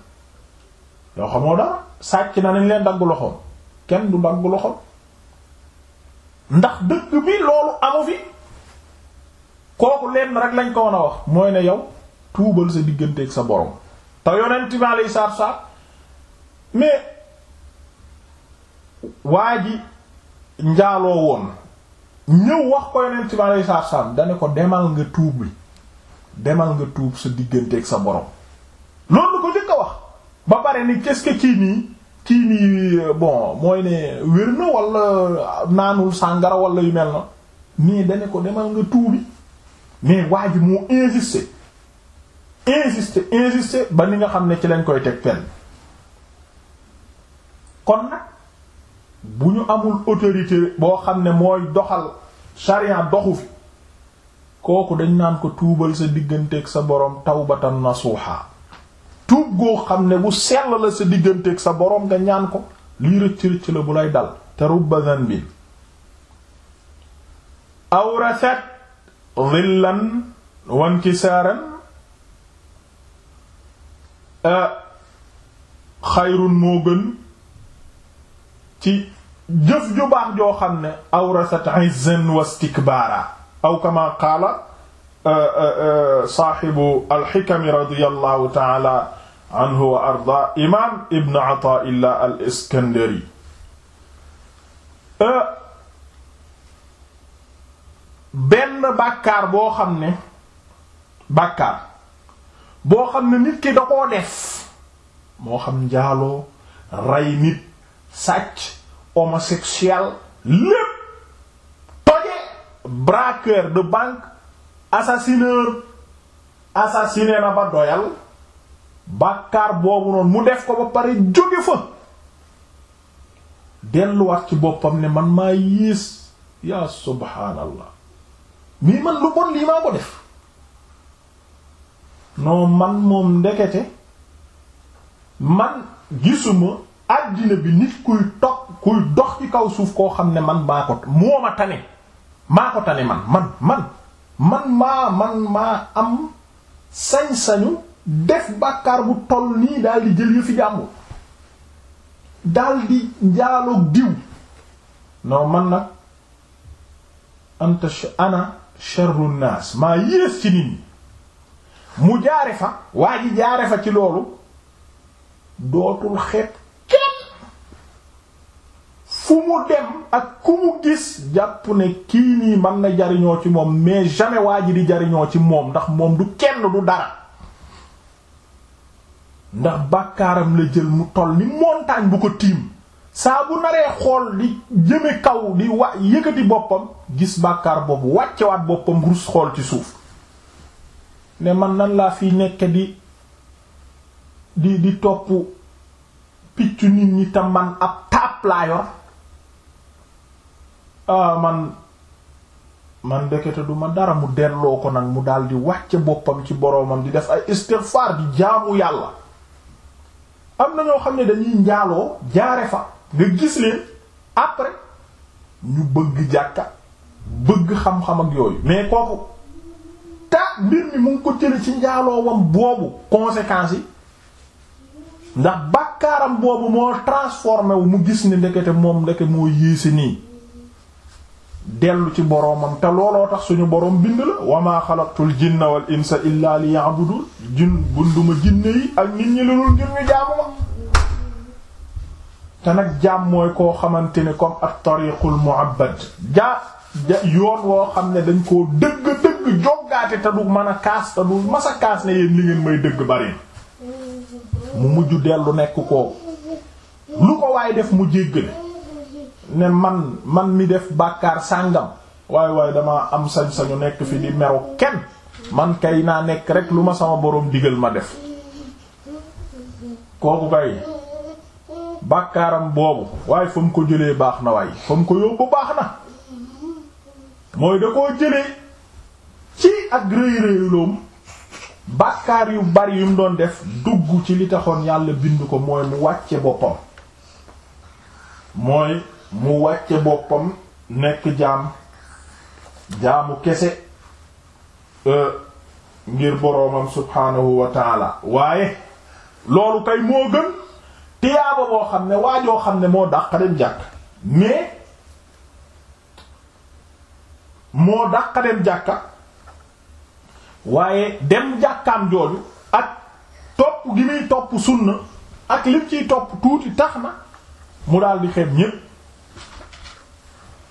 yoo xamoo dara sàcc na nañ leen dagg loxoom kenn du dagg loxoom ndax dëkk bi loolu amu fi kooku leen rek lañ ko wan a wax mooy ne yow tuubal sa digganteeg sa borom te yonent bi alayhi salaatu mais waa ji njaaloo woon ñëw wax ko yeneen ci ma lay saar dane ko demal nga tuub bi demal nga tuub sa diggante digganteeg sa borom loolu ko di a wax ba pare ni qu'est-ce que kii nii kii nii bon mooy ne wér na wala naanul sàngara wala yu mel na mais dane ko demal nga tuubi mais waa ji moo insister insister insister ba ni nga xam ne ci lañ koy teg fenn kon nag bu ñu amul autorité boo xam ne mooy doxal sharia doxu fi kooku dañ naan ko tuubal sa digganteeg sa boroom tawbatan nasuuxa tuub goo xam ne bu sell la sa digganteeg sa boroom nga ñaan ko lii rëcc rëcc la bu lay dal te rubba dhanbin awrasat dhillan wankisaaran eh, xayrun moo gën ci jëf ju baax joo xam ne awrasat izzan wa istikbaara aw kama qaala euh, euh, euh, saaxibu alxikami radiyallahu taala anhu wa arda imaam ibn ataillah al iskandari benn bàkkaar boo xam ne bàkkaar boo xam ne nit ki da koo def moo xam njaaloo rey nit sàcc homosexuel lépp toje braqueur de banque assassineur assassiné na ba doyal bàkkaar boobu noonu mu def ko ba pare jóge fa delluwaat ci boppam ne man maa yiis yaa subhaanallah mii man lu bon lii maa ko def non man moom ndekete man gisuma àddina bi nit kuy toog kuy dox ci kaw suuf koo xam ne man maa ko moo ma tane maa ko tane man man man man maa man maa am sañ-sañu def bàkkaar bu toll nii daal di jël yu fi jàmbur daal di njaaloog diw non man nag anta ana sharru naas maa yées ci nit mu jaare fa waa ji jaare fa ci loolu dootul xeet fu mu dem ak ku mu gis jàpp ne kii nii man na jariñoo ci moom mais jamais waa ji di jariñoo ci moom ndax moom du kenn du dara ndax bàkkaaram la jël mu toll ni montagne bu ko tiim saa bu naree xool di jëme kaw di wa yëkkati boppam gis bàkkaar boobu wàccewaat boppam rus xool ci suuf ne man nan laa fi nekk di di di topp piccu nit ñi te man ab taab laa yor ah man man ndekete du ma dara mu delloo ko nag mu daal di wax wàcce boppam ci boroomam di def ay istighfar di jaamu yàlla am na ñoo xam ne dañuy njaaloo jaare fa nga gis leen après ñu bëgg jàkka bëgg xam-xam ak yooyu mais kooku ta mbir mi mu ngi ko jële ci njaaloo wam boobu conséquences yi ndax bàkkaaram boobu moo transformé wu mu gis ni ndekete moom ndeke moo yéese nii dellu ci boroomam te looloo tax suñu boroom bind la wa maa xalaqtul jinna wal insa illaa liya'budun jin bunduma jinne yi ak nit ñi lulul ngir ñu jaamu ma te nag jaam mooy koo xamante ne comme at-tariqul mu'abbad ja yoon woo xam ne dañ koo dëgg-dëgg joggaate te du mën a kaas te du masa kaas ne yéen li ngeen may dëgg bari mu mujj dellu nekk kooku lu ko waaye def mu jéggale ne man man mi def bàkkaar sàngam waaye waaye dama am sañ-sañu nekk fi di mero kenn man kay naa nekk rek lu ma sama boroom digal ma def kooku kay bàkkaaram boobu waaye fa mu ko jëlee baax na waaye fa mu ko yóbbu baax na mooy da koo jëlee ci ak rëy rëyloom bàkkaar yu bari yum doon def dugg ci li taxoon yàlla bind ko mooy mu wàcce boppam mooy mu wàcce boppam nekk jaam jaamu kese e, ngir boroomam subhaanahu wa waaye loolu kay moo gën tiyaaba boo xam ne waajoo xam ne moo dàq dem jàkk mais moo dàq dem jàkka waaye dem jàkkaam jooju ak topp gi muy topp sunna ak lim ciy topp tuuti tax na mu daal di xeeb ñépp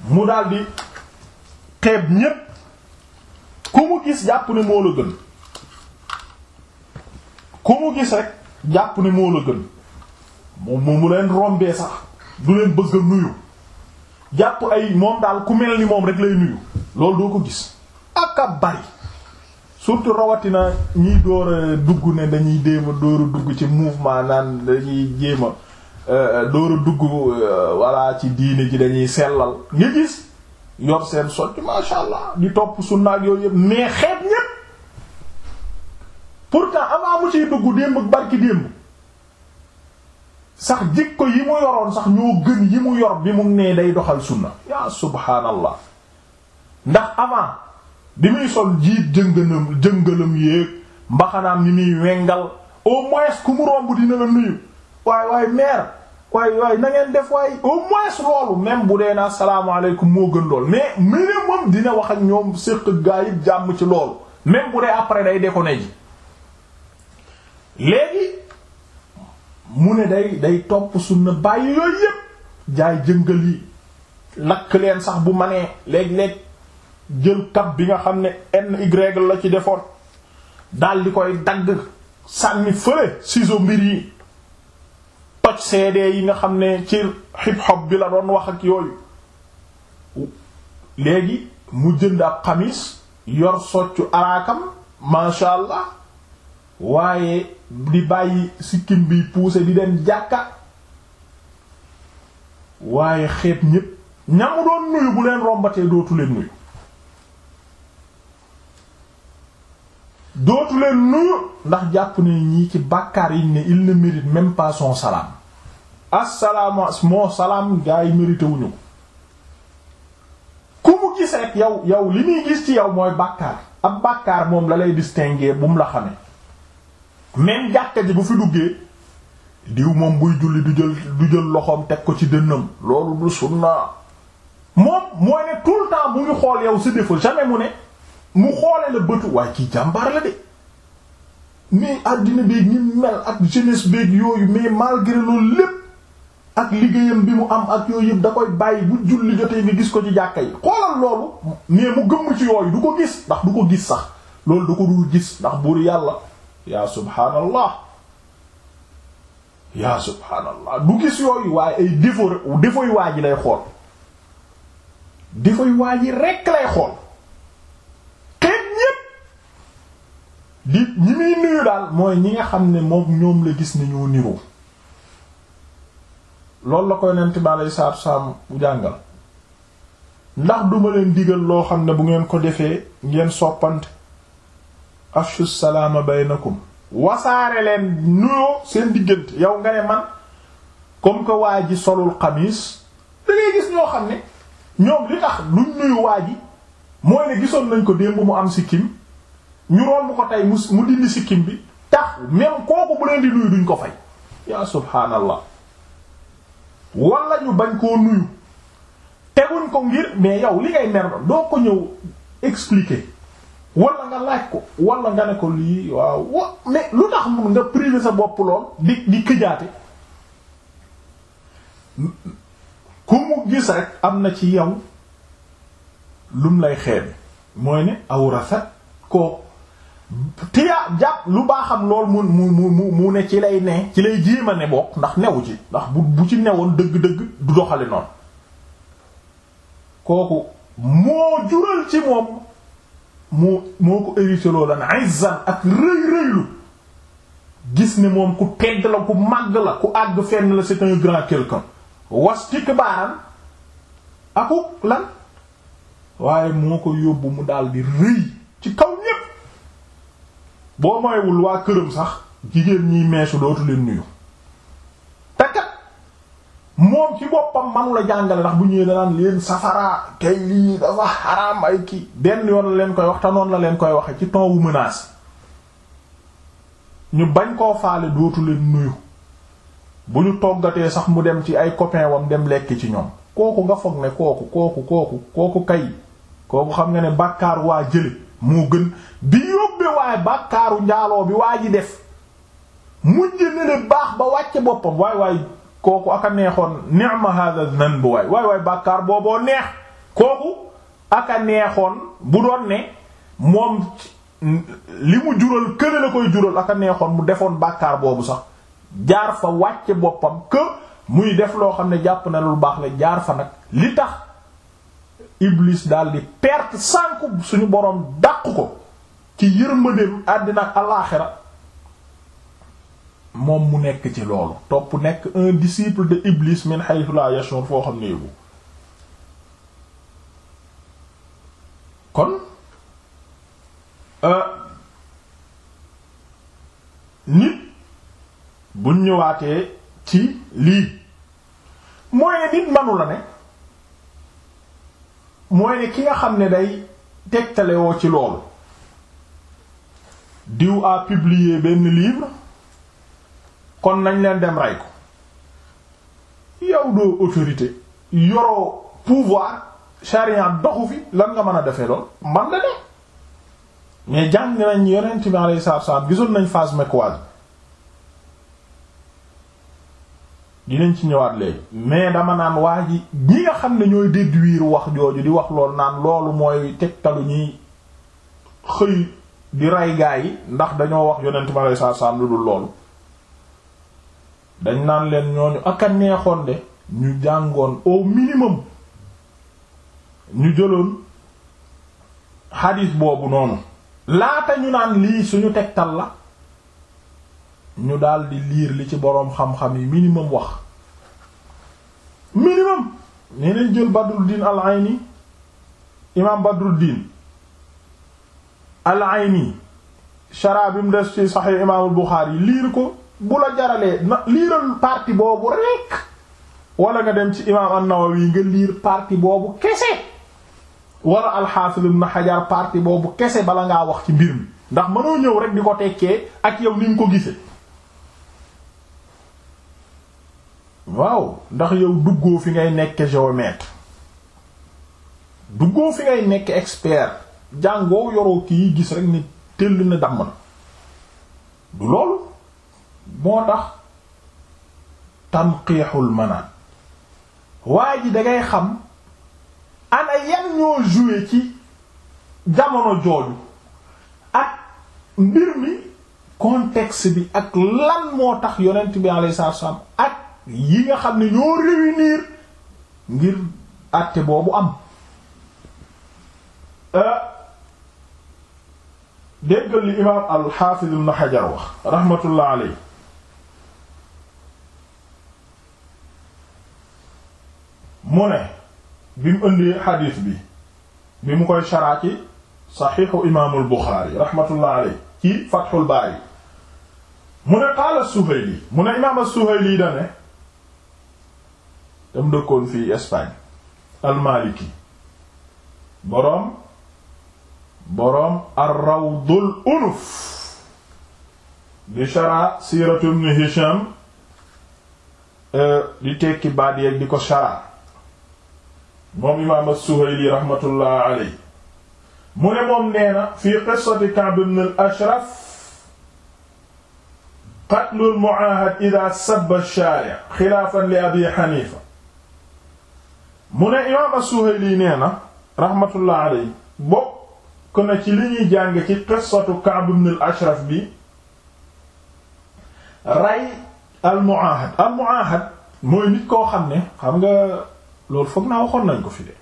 mu daldi xeeb ñépp ku mu gis jàpp ne moo la gën ku mu gis rek jàpp ne moo la gën moom moom mu leen rombee sax du leen bëgg a nuyu jàpp ay moom daal ku mel ni moom rek lay nuyu loolu doo ko gis ak a bari surtout rawatina ñiy door a dugg ne dañuy déema door dugg ci mouvement naan dañuy jéema Euh, euh, dooru a dugg walla euh, ci diine ji dañuy sellal ngi gis yor seen socc masha allah di topp sunna ak yooyu yëpp mais xeet ñépp pourtant mu ciy dugg démb barki démb sax jikko yi mu yoroon sax ñoo gën yi mu yor bi mu nee day doxal sunna yaa subhaanallah ndax avant bi muy sol jiit jëngalam jëngalam yéeg mbaxanaam ni muy wengal au moins ku mu romb dina la nuyu waaye waaye meer waay waay na def waay au loolu même bu dee naa salaamaaleykum moo gën lool mais minimum dina wax ak ñoom séq gaa jàmm ci loolu même bu dee après day déconné ji léegi mu ne day day topp sunna bàyyi yooyu yépp jaay jëngal yi lakk leen sax bu manee léeg-léeg jël kap bi nga xam ne ny la ci defoon daal di koy dagg sànni fële ciseaux mbir yi toj CD yi nga xam ne ci hip hop bi la doon wax ak yooyu léegi mu jënd ab xamis yor soccu araakam masha allah waaye di bàyyi sikkim bi poussé di dem jàkka waaye xeet ñépp ñamu doon nuyu bu leen rombatee dootu leen nuyu dootu leen nuyu ndax jàpp ne ñi ci bàkkaar yi ne il ne mérite même pas assalaamu moo salaam gaa yi mérité wuñu ko ku mu gis rek yow yow li muy gis ci yow mooy bàkkaar ab bàkkaar moom la lay distinguer bu mu la xamee même jàkka ji bu fi duggee diw moom buy julli du jël du jël loxoom teg ko ci dënnam loolu du sunna moom mooy ne tout le temps mu ngi xool yow sa défaut jamais mu ne mu xoole la bëtu waaye kii jàmbaar la de mais àddina beeg ñi mel ak jeunesse beeg yooyu mais malgré loolu lépp ak liggéeyam bi mu am ak yooyu yëpp da koy bàyyi bu julli jotee nga gis ko ci jàkka yi xoolal loolu mais mu gëmm ci yooyu du ko gis ndax du ko gis sax loolu du ko dul gis ndax buur yàlla yaa subhaanallah yaa subhaanallah du gis yooyu waaye ay défaut défaut yu waa ji lay xool défaut yu waa ji lay xool xeet ñépp di ñi muy nuyu daal mooy ñi nga xam ne moom ñoom la gis ne ñoo niroo loolu la koy nent bi alei salaatu salaam jàngal ndax duma leen digal loo xam ne bu ngeen ko defee ngeen soppante afshu salaama baynakum wasaare leen nuyoo seen diggante yow nga ne man comme que waa ji solul xamiis da gis ñoo xam ne ñoom li tax luñ nuyu waa ji mooy ne gisoon nañ ko démb mu am sikkim ñu romb ko tey mu dindi sikkim bi tax même kooku bu leen di nuyu duñ ko fay yaa subhaanallah wala ñu bañ koo nuyu teguñ ko ngir mais yow li ngay mer doo ko ñëw expliquer wala nga laaj ko wala nga ne ko lii waaw wa mais lu tax mun nga priver sa bopp lool di di këjaate ku mu gis rek am na ci yow lum lay xeebe mooy ne rafet ko tiyaa jàpp lu baaxam lool mu mu mu mu ne ci lay ne ci lay jéema ne bokk ndax newu ci ndax bu bu ci newoon dëgg-dëgg du doxale noonu kooku moo jural ci moom moo moo ko hérité loo la izzan ak rëy rëylu gis ne moom ku tedd la ku màgg la ku àgg fenn la c'est un grand quelqu'un wastikbaaran akuk lan waaye moo ko yóbbu mu dal di rëy ci kaw boo mooywul waa këram sax jigéen ñiy meesu dootu leen nuyu takkat moom ci boppam manu la jàngale ndax bu ñuy danaan leen safara kay lii dafa xaraam ay kii benn yoon la leen koy wax te la leen koy waxe ci ton wu menace ñu bañ koo faale dootu leen nuyu bu ñu toggatee sax mu dem ci ay copain wam dem lekk ci ñoom kooku nga foog ne kooku kooku kooku kay kooku xam nga ne bàkkaar waa jële moo gën bi yóbbe waaye bàkkaaru njaaloo bi waa ji def mujj ne le baax ba wàcce boppam waay waay kooku aka neexoon ni'ma hadha dhanb waay waay waay bàkkaar booboo neex kooku aka neexoon bu doon ne moom li mu jural kële la koy jural aka neexoon mu defoon bàkkaar boobu sax jaar fa wàcce boppam que muy def loo xam ne jàpp na lu baax la jaar fa nag li tax iblis daal di perte sànku suñu boroom dàq ko ci yërmandeem àddina ak alaaxira moom mu nekk ci loolu topp nekk un disciple de iblis min haythu la yashur foo xam ne yëgu kon euh, nit buñ ñëwaatee ci lii mooy nit manu la ne mooy ne ki nga xam ne day tegtale woo ci loolu diw a publié benn livre kon nañ leen dem rey ko yow doo autorité yoroo pouvoir charia doxu fi lan nga mën a defee lool man da de mais jàng nañ yonent bi alayhi salaatu wa salaam gisoon nañ phase mécoise dinañ ci ñëwaat léegi mais dama naan waa ji ñi nga xam ne ñooy wiiru wax jooju di wax loolu naan loolu mooy tegtalu ñiy xëy di rey gaa yi ndax dañoo wax yonent ma lay saa saam lu dul loolu dañ naan leen ñooñu ak a neexoon de ñu jàngoon au minimum ñu jëloon xadiis boobu noonu laata ñu naan lii suñu tegtal la ñu daal di liir li ci boroom xam-xam yi minimum wax minimum nee nañ jël Badruddin al-Ayni imaam Badruddin al-Ayni shara bi mu des ci Sahih imaamul Buxaari yi liir ko bu la jaralee na liiral parti boobu rekk wala nga dem ci imaam an-Nawawi nga liir partie boobu kese wala al-Hafiz ibn Hajar boobu kese bala ngaa wax ci mbir mi ndax mënoo ñëw rek di ko tekkee ak yow ni nga ko gisee waaw ndax yow duggoo fi ngay nekk géomètre duggoo fi ngay nekk expert jàngoo yoroo kii gis rek nit tëll na damm na du loolu moo tax tanqiixul manaan waa ji dangay xam ana yan ñoo joué ci jamono jooju ak mbir mi contexte bi ak lan moo tax yonent bi alayhi salaam ak yi nga xam ne ñoo réunir ngir àtte boobu am euh, déggal li imaam al-Hafiz ibn Hajar wax rahmatullah mu ne bi mu indi xadiis bi bi mu koy sharaa saxiixu imaamul Buxaari rahmatullah ci Fathul Baari mu ne qaala as-Suhayli mu ne imaam as-Suhayli dane tam dëkkoon fii Espagne almaliki boroom boroom ar-Rawdul Unuf di shara siiratu ibn Hisham euh, di tekki baat yeeg di ko shara moom imaam as-Suhayli rahmatullah alayhi mu ne moom nee na fii qissati Ka'b ibn al-Ashraf qatlu al-mu'ahad idha sabba ash-shari' khilafan li Abi Hanifa mu ne imaam as lii nee na rahmatullah alayhi bokk na ci li ñuy jàng ci qissatu Ka'b ibn ashraf bi ray al-mu'ahad mooy nit koo xam ne xam nga loolu foog naa waxoon nañ ko fi de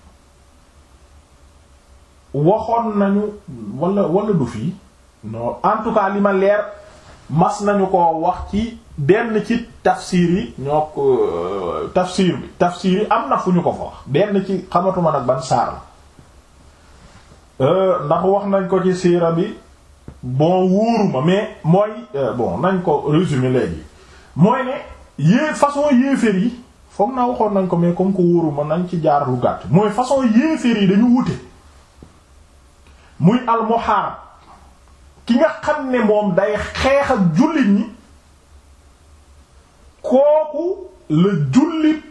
waxoon nañu walla wala du fii non en tout cas li ma leer mas nañu ko wax ci benn ci tafsir yi ñoo ko euh, tafsir bi tafsir yi am na fu ñu ko fa benn ci xamatuma nag ban saar euh, ndax wax nañ ko ci siira bi bon wóoruma mais mooy euh, bon nañ ko résumer léegi mooy ne façon yéeféer yi foog naa waxoon nañ ko mais comme ko wóoruma nañ ci jaar lu gàtt mooy façon yéeféer yi dañu wute muy almuharab ki nga xam ne moom day xeex ak jullit ñi kooku la jullit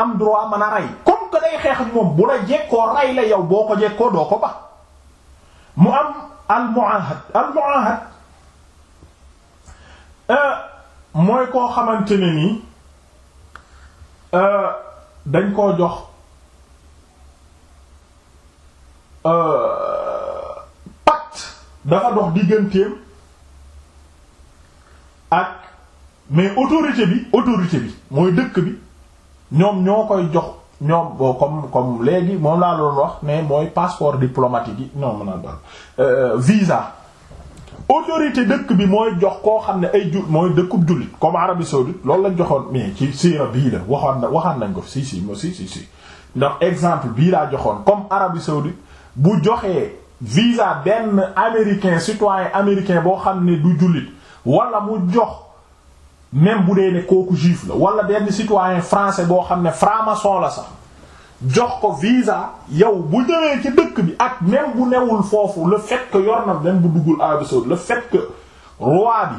am droit mën a rey comme que day xeex moom bu la jekkoo rey la yow boo ko jekkoo doo ko ba mu am al muahad al muahad euh, mooy koo xamante ne ni euh, dañ koo jox euh, dafa dox digganteem ak mais autorité bi autorité bi mooy dëkk bi ñoom ñoo koy jox ñoom bo comme comme léegi moom laa doon wax mais mooy passeport diplomatique yi non mën naa doon euh, visa autorité dëkk bi mooy jox koo xam ne ay jul mooy dëkkub jullit comme Arabie saoudite loolu lañ joxoon mais ci siira bii la waxoon na waxaan nañ ko si si mo si ndax exemple bii laa joxoon comme Arabie saoudite bu joxee visa benn américain citoyen américain boo xam ne du jullit wala mu jox même bu dee ne kooku juif la wala benn citoyen français boo xam ne franc-maçon la sax jox ko visa yow bu ñëwee ci dëkk bi ak même bu newul foofu le fait que yor na même bu duggul Arabie saoudite le fait que roi bi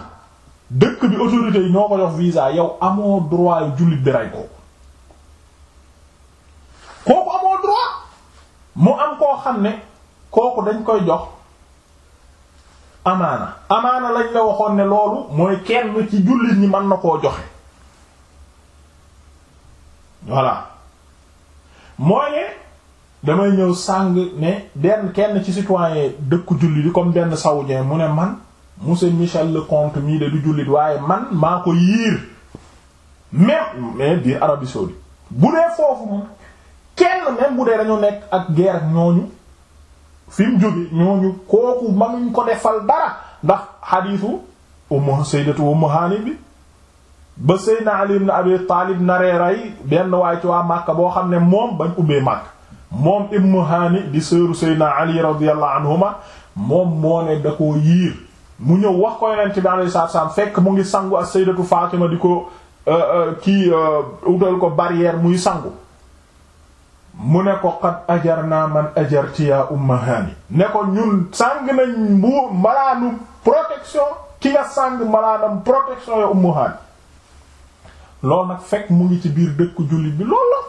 dëkk bi autorités yi ñoo ko jox visa yow amoo droit yu jullit bi rey ko kooku amoo droit mu am koo xam ne kooku dañ koy jox amaana amaana lañ la waxoon ne loolu mooy kenn ci jullit ñi mën na koo joxe voilà mooy ne damay ñëw sàng ne benn kenn ci citoyen dëkku jullit yi comme benn saoudien mu ne man monsieur Michel Lecomte mii de du jullit waaye man maa ko yiir même mais biir Arabie saoudite bu dee foofu moom kenn même bu dee dañoo nekk ak guerre ñooñu fi mu jóge ñooñu kooku mënuñ ko defal dara ndax xadiisu ummu sayyidatu ummu haani bi ba seydna abi taalib naree rey benn waay ci waa màkka boo xam ne moom bañ ubbee màkk moom ibnu haani di seeru seydna ali radiyallahu anhuma moom moo ne da koo yiir mu ñëw wax ko yonent bi alayhi salaatu salaam fekk mu ngi sangu ak sayyidatu faatima di ko euh, euh, kii euh, utal ko barrière muy sangu mu ne ko qad ajarna man ajarti ya umma hani ne ko ñun sàng nañ mbuur malaanu protection ki nga sàng malaanam protection ya umma hani loolu nag fekk mu ngi ci biir dëkku jullit bi loolu la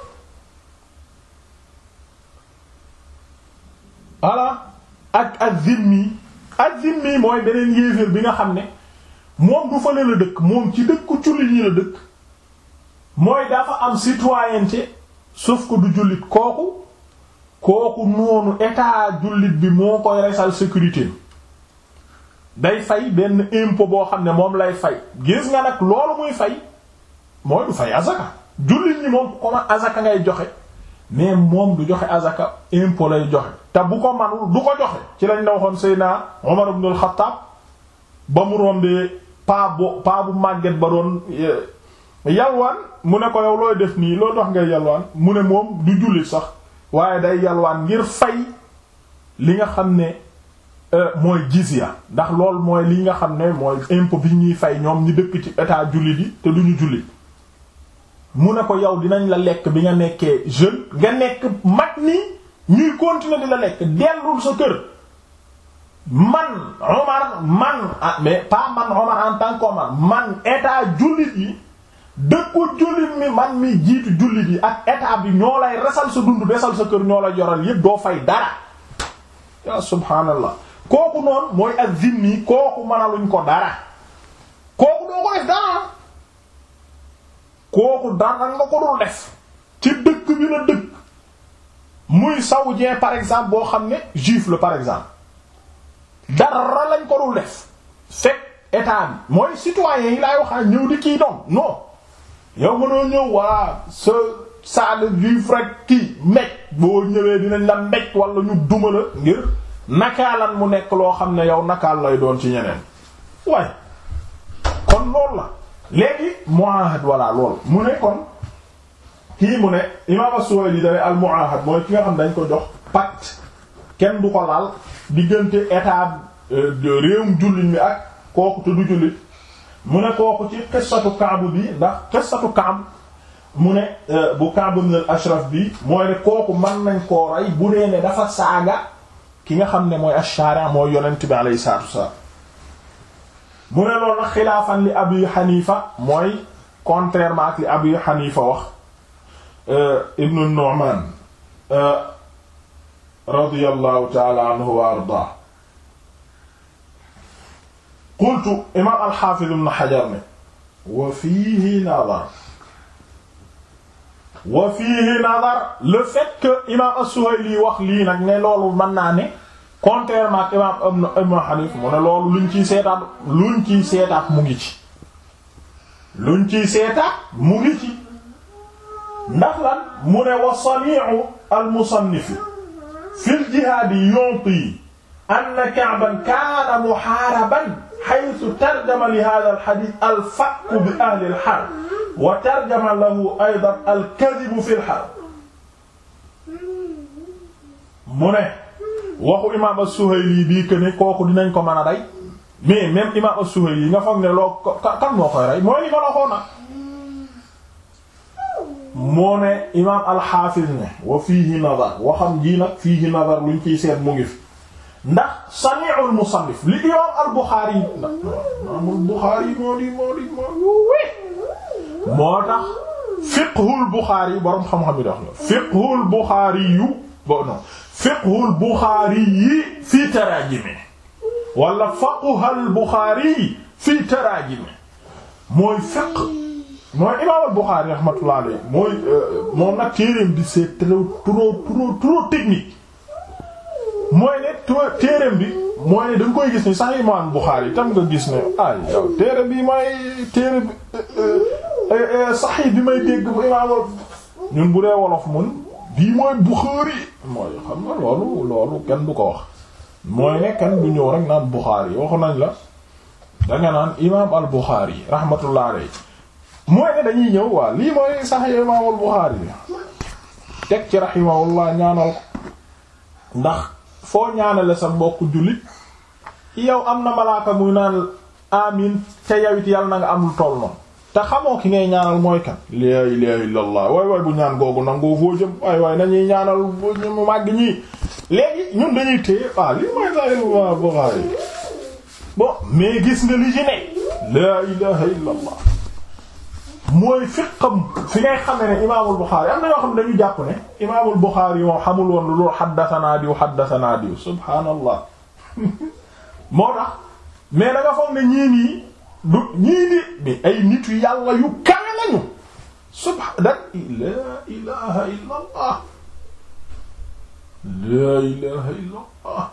voilà ak azimmi azimmi mooy beneen yéeféer bi nga xam ne moom du fële la dëkk moom ci dëkku jullit yi la dëkk mooy dafa am citoyenneté sauf que du jullit kooku kooku noonu état jullit bi moo koy resal sécurité day fay benn impôt boo xam ne moom lay fay gis nga nag loolu muy fay mooy du fay azaka jullit ñi moom comme azaka ngay joxe mais moom du joxe azaka impôt lay joxe te bu ko manul du ko joxe ci lañ la waxoon Seydina Omar ibn al-Khattab ba mu rombee paa bo paa bu màgget ba doon eh, yalwaan mu ne ko yow looy def nii loolu tax ngay yalwaan mu ne moom du jullit sax waaye day yalwaan ngir fay li nga xam ne euh, mooy jizya ndax lool mooy li nga xam ne mooy impôt bi ñuy fay ñoom ñi dëkk ci état jullit yi te ñu jullit mu ne ko yow dinañ la lekk bi nga nekkee jeune nga nekk mat nii ñuy continuer di la lekk dellul sa kër man Omar man ah mais pas man Omar en tant qu'Omar man état jullit yi dëkku jullit mi man mi jiitu jullit yi ak état bi ñoo lay resal sa dund desal sa kër ñoo lay yoral yépp doo fay dara ya subhaanallah kooku noonu mooy ak zimmi kooku mënaluñ ko dara kooku doo ko def dara kooku dara nga ko dul def ci dëkk bi la dëkk muy saoudien par exemple boo xam ne juif la par exemple dara lañ ko dul def fekk état bi mooy citoyen yi laay waxaa ñëw di kii doon non yow mënoo ñëw waa sa saada juif rek kii mbéj boo ñëwee dinañ la mbéj wala ñu dumala ngir nakaalan mu nekk loo xam ne yow nakaal lay doon ci ñeneen waaye kon loolu la léegi muahad walla lool mu ne kon kii mu ne imaam as-Suwayli dane al muahad mooy ki nga xam dañ ko jox pacte kenn du ko laal diggante état euh, réewum jullit mi ak kooku te du jullit mu ne kooku ci qissatu Kaab bi ndax qissatu Kaab mu ne euh, bu Kaab ibn al-Ashraf bi mooy ne kooku mën nañ koo rey bu dee ne dafa saaga ki nga xam ne mooy ash-Shari' mooy yonent bi alayhi salaatu wassalaam mu ne loolu nag xilaafan li Abi Hanifa mooy contrairement ak li Abi Hanifa wax euh, Ibn Nu'man euh, radiyallahu ta'ala anhu wa ardaa qultu imaam alxaafiz ibn xajar ne wa fiihi nadar wa fiihi nadar le fait que imaam as-Suhayli wax lii nag ne loolu mën naa ne contrairement ak imaam Ibn Hanif mu ne loolu luñ ciy seetaat luñ ciy seetaat mu ngi ci luñ ciy seetaat mu ngi ci ndax lan mu ne wa sani'u al-musannif fi al-jihaad yu'ti anna Ka'ban kaana muhaariban haythu tarjama li hadha al hadith al fakku bi ahli al harb wa tarjama lahu aydan al kadhibu fi al harb mu ne waxu imaam as-Suhayli bii que ne kooku dinañ ko mën a rey mais même imaam as-Suhayli nga foog ne loo kan moo koy rey mooy li ma la waxoon na moo ne imaam al-Hafiz ne wa fiihi nazar waxam ji nag fiihi nazar luñ ciy seet mu ngi fi. ndax sami'ul musannif li imaam al-Bukhari ndax imaam al-Bukhari moo di moo di moo moo tax fiqhul Bukhari yi boroom xam-xam yi dox na fiqhul Bukhari yu bon non fiqhul Bukhari yi fii taraajime wala faqhul Bukhari yi fii taraajime mooy fiqh mooy imaam al-Bukhari rahmatullah alayhi mooy euh, moom nag téereem di c'est trop trop trop trop technique mooy ne téereem bi mooy ne da koy gis ni sax imaam Buxaari tam nga gis ne ah yow téere bi may euh, euh, euh, téere bi may dégg bu imaam dee wolof mun bii mooy Buxaari mooy kenn du ko wax mooy ne kenn du ñëw rek naan Buxaari waxu nañ la danga naan imaam al Buxaari rahmatullah alayhi mooy ne dañuy ñëw waa lii mooy saxiix imaam al Buxaari teg ci rahimahullah ñaanal ko ndax foo ñaanale sa bokk jullit yow am na malaaka muy naan amin ca yawit yàlla na nga am toll noonu te xamoo ki ngay ñaanal mooy kan laa ilaha illa allah waay bu ñaan googu nangoo foo jëm waay waay nañuy ñaanal ñu màgg ñii léegi ñun dañuy téye ah li mooy sayi wa boxaari bon mais gis nga li ci ne laa ilaha illa mooy fiqam fi ngay xamee ne imaamul Buxaari am na yoo xam ne dañu jàpp ne imaamul Buxaari moom xamul woon lu loolu xaddasanaa diw xaddasanaa diw subhaanallah moo tax mais da nga foog ne ñii nii du ñii nii mais ay nit yu yàlla yu kawe lañu subhaan la ilaha illa allah la ilaha illa allah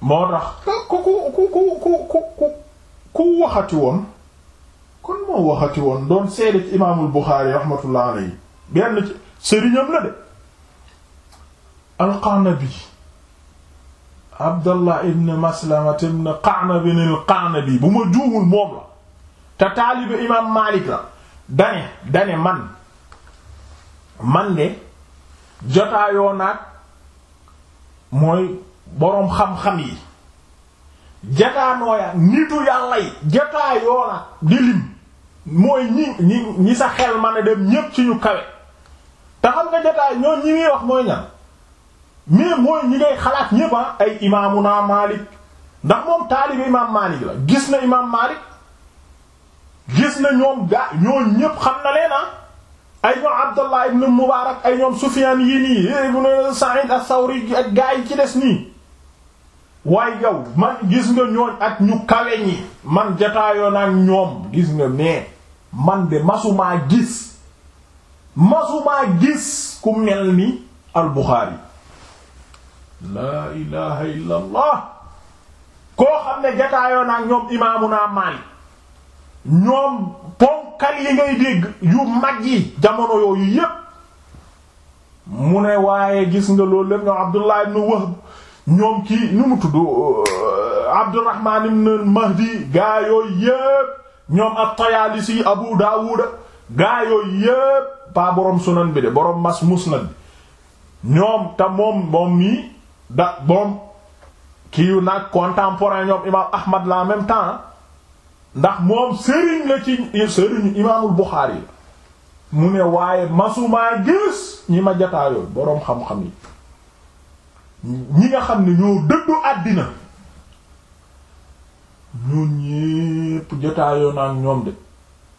moo tax ku ku ku ku ku ku ku waxati woon kon moo waxati woon doon seede ci imaamul Buxaari rahmatullah alayhi benn ci sëriñam la de al-Qanabi Abdallah ibn Maslama ibn Qanabi al-Qanabi bu ma juumul moom la te taalibe imaam Maalik dane dane man man de jotaayoo naag mooy boroom xam-xam yi jataanooya nitu yàlla yi jataa yoona di lim mooy ñi ñi sa xel ma a dem ñépp ci ñu kawe te xam nga jataa ñoon ñi muy wax mooy ñan mais mooy ñi ngay xalaat ñépp ah, ay imaamu naa Maalik ndax moom taalibi imaam Maalik la gis na imaam Maalik gis na ñoom gaa ñoom ñépp xam na leena ah. ay ñoom Abdallah ibn Mubaarak ay ñoom Sufyaan yi nii eh, ibn Sa'iid as-Sawri ak gaa yi ci des nii waaye yow man gis nga ñooñ ak ñu kawe ñi man jataayoo naag ñoom gis nga mais man de masumaa gis masumaa gis ku mel ni al-Bukhari laa ilaha illa koo xam ne jataayoo naag ñoom imaamu naa Maalik ñoom ponkal yi ngay dégg yu mag yi jamono yooyu yépp mu ne waaye gis nga loolu lépp ñoom Abdullah ibn Wahb ñoom kii nu mu tudd euh, Abdurrahman ibn Mahdi gaa yooyu yépp ñoom at-Tayalisi Abu Dawud gaa yooyu yépp pas borom sunan bi de borom mas musnad bi ñoom te moom moom mii da borom kii yu nag contemporain ñoom imam Ahmad la en même temps ndax moom sëriñ la ci sëriñ imaamul Bukhari mu ne waaye maa gis ñi ma jataayoo boroom xam-xam yi. ñi nga xam ne ñoo dëddu àddina ñoon ñépp jotaayoo naa ñoom de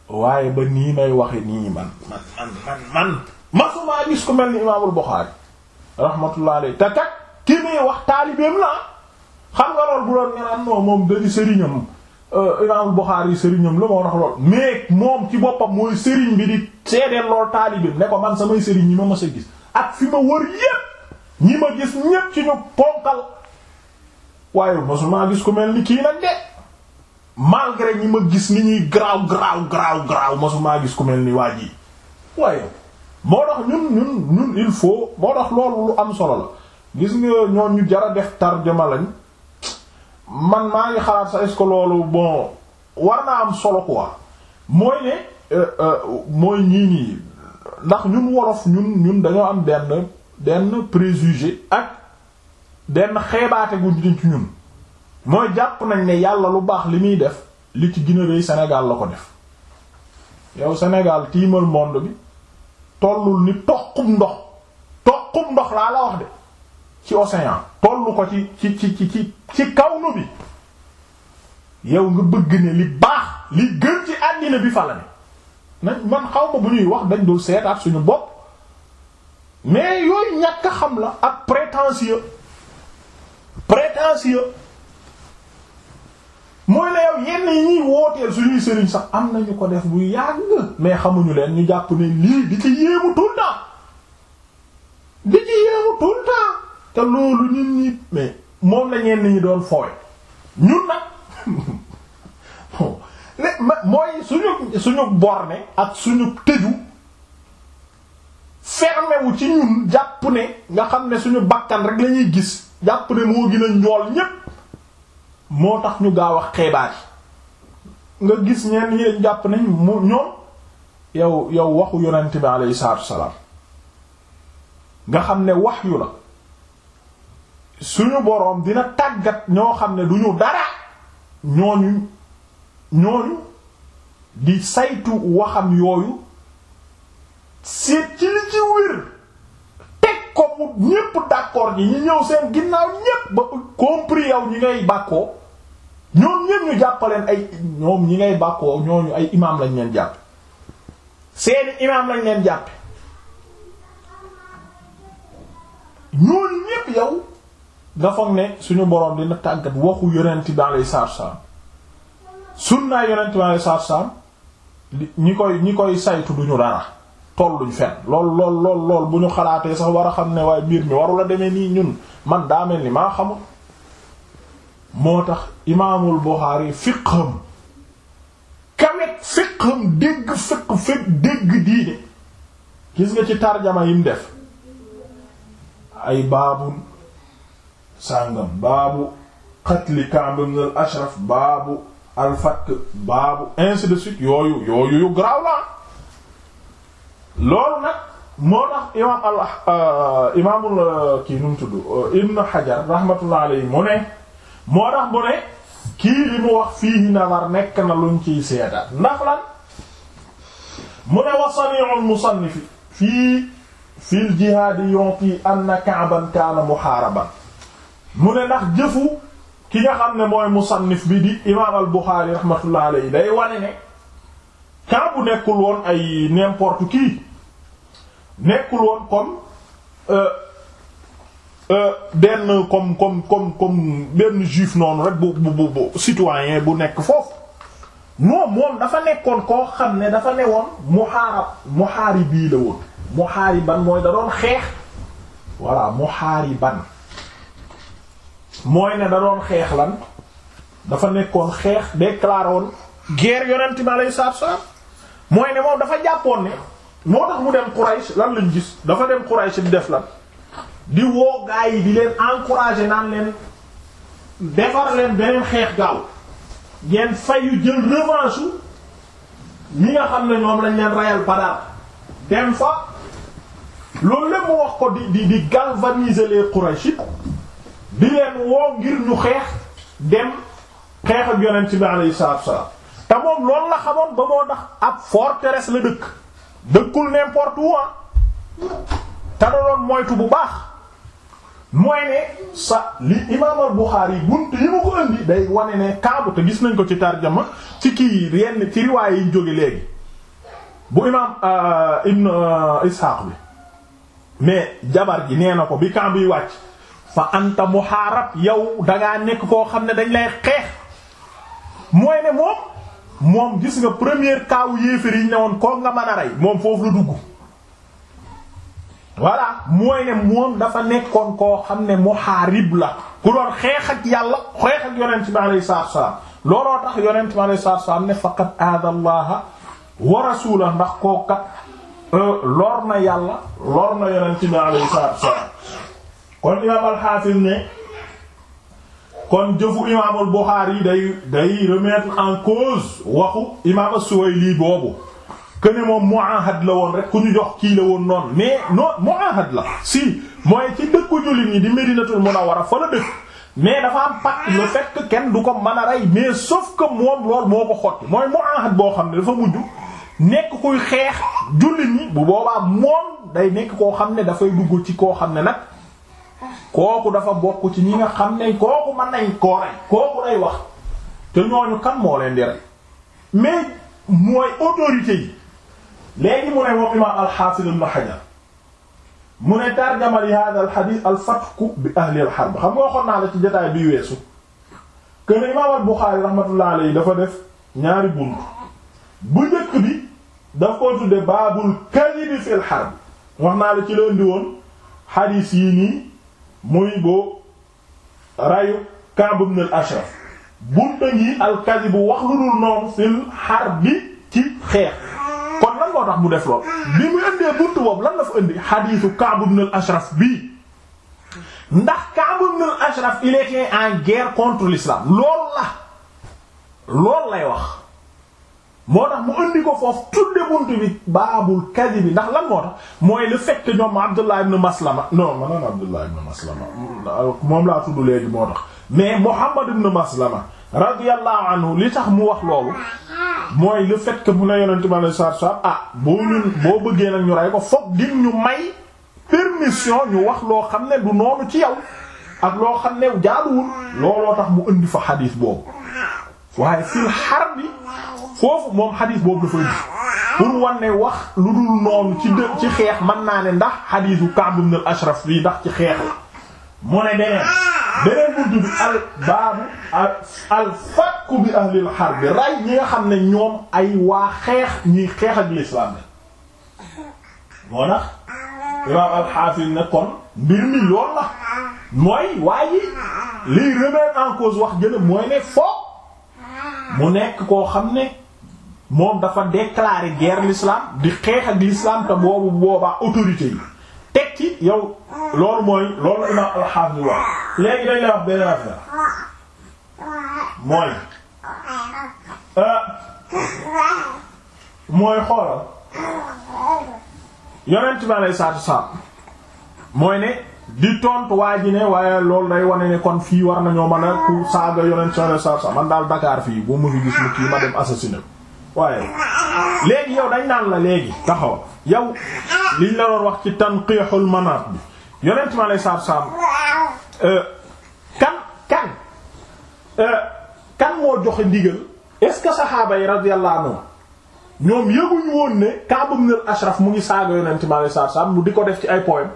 waaye ba nii may waxe nii man man man man man masumaa gis ku mel ni imaamul Buxaari rahmatullah alayhi te kat muy wax taalibeem la xam nga lool bu doon ñaan noo moom dadi sëriñam euh, imaamul Buxaari sëriñam la moo tax lool mais moom ci boppam mooy sëriñ bi di seedeel lool taalibeem ne ko man samay sëriñ yi ma mas a gis ak fi ma wër yépp ñi ma gis ñépp ci ñu ponkal waaye masumaa gis ku mel ni kii nag de malgré ñi ma gis ni ñuy garaaw garaaw garaaw garaaw masumaa gis ku mel ni waa ji waaye moo tax ñun ñun il faut moo tax loolu lu am solo la gis nga ñoo ñu jara def tarjuma lañ man maa ngi xalaat sax est-ce que loolu bon war naa am solo quoi mooy ne euh, euh, mooy ñii nii ndax ñun wolof ñun ñun dañoo am benn benn préjugé ak benn xeebaate gu ñu ci ñun mooy jàpp nañ ne yàlla lu baax li muy def li ci gën a la ko def yow Sénégal tiimal monde bi tollul ni toqum ndox toqum ndox laa la wax de ci océan tollu ko ci ci ci ci ci kaw nu bi yow nga bëgg ne li baax li gën ci àddina bi fa la ne man xaw ma bu ñuy wax dañ dul seetaat suñu bopp mais yooyu ñàkk xam la ak prétentieux prétentieux mooy la yow yenn yi ñuy wooteel suñuy sëriñ sax am nañu ko def bu yàgg mais xamuñu leen ñu jàpp ne lii di ci yéemu tout le temps di ci yéemu tout te loolu nit ñi mais moom la ñenn ñi doon fooy ñun nag mooy suñu suñu borne ak suñu tëju ci ñun ne nga xam ne suñu bakkan rek la ñuy gis jàpp ne moo gën moo tax ñu gaaw a nga gis ñenn ñi jàpp nañ mu ñoom yow yow waxu yonent bi alayhi salaatu nga xam ne wax yu la suñu boroom dina tàggat ñoo xam ne duñu dara ñooñu ñooñu di saytu waxam yooyu seet ci li ci wér teg ko ñépp d'accord ñi ñi ñëw seen ginnaaw ñépp ba compris yow ñi ngay bàkkoo ñoom ñépp ñu jàppaleen ay ñoom ñi ngay bàkkoo ñooñu ay imaam lañ leen jàpp seeni imaam lañ leen jàppe ñooñu ñépp yow nga foog ne suñu boroom dina tàggat waxu yonent bi alayhi salaam sunna yonent bi alayhi salaam ñi koy ñi koy saytu duñu dara tolluñ fen lool lool lool bu ñu xalaatee sax war a xam ne waaye mbir mi warula deme nii ñun man daa mel ni maa xamul moo tax imaamul Buxaari fiqham kawet fiqham dégg fiqh fiqh dégg diine gis nga ci tarjama yim def ay baabu sàngam baabu qatli Ka'b ibn al-Ashraf baabu al-Fakk baabu ainsi de yooyu yooyu yu garaaw la loolu nag moo tax imaam al euh, imaamul euh, kii nu mu tudd euh, Ibn Hajar rahmatullah alayhi mu ne moo tax mu ne kii li mu wax fii nazar nekk na luñ ciy seetaat ndax lan mu ne wa sani'ul musannif fii fil jihaadi yonti anna Ka'ban kaana muhaaraban mu ne ndax jëfu ki nga xam ne mooy musannif bi di imaam al Buxaari rahmatullah alayhi day wane ne Ka'b bu nekkul woon ay n'importe qui nekkul woon comme euh, euh, benn comme benn juif noonu rek bu bu bu citoyen bu nekk foofu moom moom dafa nekkoon koo xam ne dafa newoon muhaarab muhaari bii la woon muhaari ban mooy da doon xeex voilà muhaari ban mooy ne da doon xeex lan dafa nekkoon xeex de woon guerre yonent bi alayhi salaatu wa mooy ne moom dafa jàppoon ne moo tax mu dem Quraysh lan lañ gis dafa dem Quraysh di def lan di woo gaa yi di leen encourager naan leen defar leen beneen xeex gaaw ngeen fayu jël revanche ñi nga xam ne ñoom lañ leen reyal Badar dem fa loolu lépp mu wax ko di di di galvaniser les Qurayshites di leen woo ngir ñu xeex dem xeex ak yonent bi alayhi salaatu wa salaam te moom loolu la xamoon ba moo ndax ab forteresse la dëkk. dëkkul n'importe où ah. te doon moytu bu baax mooy ne sa li imaam al-Bukhari yi ma ko indi day wane ne kaabu te gis nañ ko ci tarjama ci kii yenn ci riwaay yi ñu jóge léegi bu imaam euh, Ibn euh, Ishaq bi mais jabar ji nee na ko bi kaabu wàcc fa anta muharab yow dangaa nekk koo xam ne dañ lay xeex mooy ne moom moom gis nga première kaawu yéefér yi ne woon ko nga man a rey moom foofu la dugg voilà mooy ne moom dafa nekkoon koo xam ne muhaarib la ku doon xeex ak yàlla xeex ak yonent bi alayhi salaatu wa salaam looloo ne faqad aada allaha wa ndax koo euh, na yàlla lor na yonent bi alayhi salaatu wa kon imaam al-Hafiz ne kon jëfu imaamul Buxaari day day remettre en cause waxu imaam as-Suwayli boobu que ne moom muahad la woon rek ku ñu jox kii la woon noonu mais non muahad la si mooy ci dëkku jullit ñi di Medinatul a fa la dëkk mais dafa am pacte lu fait kenn du ko mën a rey mais sauf que moom lool moo ko xotti mooy muahad boo xam ne dafa mujj nekk kuy xeex jullit ñi bu boobaa moom day nekk koo xam ne dafay dugg ci koo xam ne nag. kooku dafa bokk ci ñi nga xam ne kooku mën nañ koo rey kooku day wax te ñooñu kan moo leen di rey mais mooy autorité yi léegi mu ne moom imaam al-Hafiz ibn Hajar mu ne tarjama li hada al hadith bi ahli al harb xam nga waxoon naa la ci jotaay bi weesu kër ne imaam al Bukhari rahmatullah alayhi dafa def ñaari bunt bu njëkk bi daf ko tudde baabul kadhib fil harb wax naa la ci leen di woon hadith yi nii muy boo rayu Ka'b ibn al-Ashraf bunta ngi alkasi bu wax lu dul noonu fil xar bi ci xeex kon lan moo tax mu def lool bi mu indee buntu boobu lan la fa indi xadiisu Ka'b ibn al-Ashraf bii ndax Ka'b ibn al-Ashraf il était en guerre contre l'islam lool la lool lay wax moo tax mu indi ko foofu tudde buntu bi baabul kadi ndax lan moo tax mooy le fait que ñoom Abdullah ibn Maslama non maanaam Abdullah ibn Maslama moom laa tudd léegi moo tax mais Muhammad ibn Maslama radiyallahu anhu li tax mu wax loolu mooy le fait que mu ne yonente bi alei satu salam ah boo ñun boo bëggee nag ñu rey ko foog dig ñu may permission ñu wax loo xam ne du noonu ci yow ak loo xam ne jaaduwul looloo tax mu indi fa xadiis boobu waaye fil xar bi foofu moom xadiis boobu dafay di pour wax lu dul noonu ci xeex mën naa ne ndax xadiisu Ka'b ibn al-Ashraf ndax ci xeex la mu ne beneen beneen al baabu al fakku bi ahlil xar bi ray ñi xam ne ñoom ay waa xeex ñuy xeex ak lislaam ne moo tax imaam al-Hafiz ne kon mi lool mooy waaye liy remettre en cause wax jële mooy ne mu nekk koo xam ne moom dafa déclarer guerre l'islam di xeex ak l'islam te boobu boobaa autorité yi teg ci yow loolu mooy loolu imam alhamdu léegi dañ lay wax benn affaire mooy euh, mooy xoolal yonent bi alei saatu salaam mooy ne di tontu waa ji ne waaye loolu day wane ne kon fii war nañoo mën a ku saaga yoneen sone man daal Dakar fii bu mu fi gis mu kii ma waaye léegi yow dañ naan la léegi taxaw yow liñ la wax ci tanqiixul manaat bi yonent ma lay saab saab euh, kan euh, est-ce que saxaaba yi radiyallahu anhu ñoom yëguñu woon ne Kaab ibn al-Ashraf mu ngi saaga yonent ma lay saab saab mu di ko def ci ay poème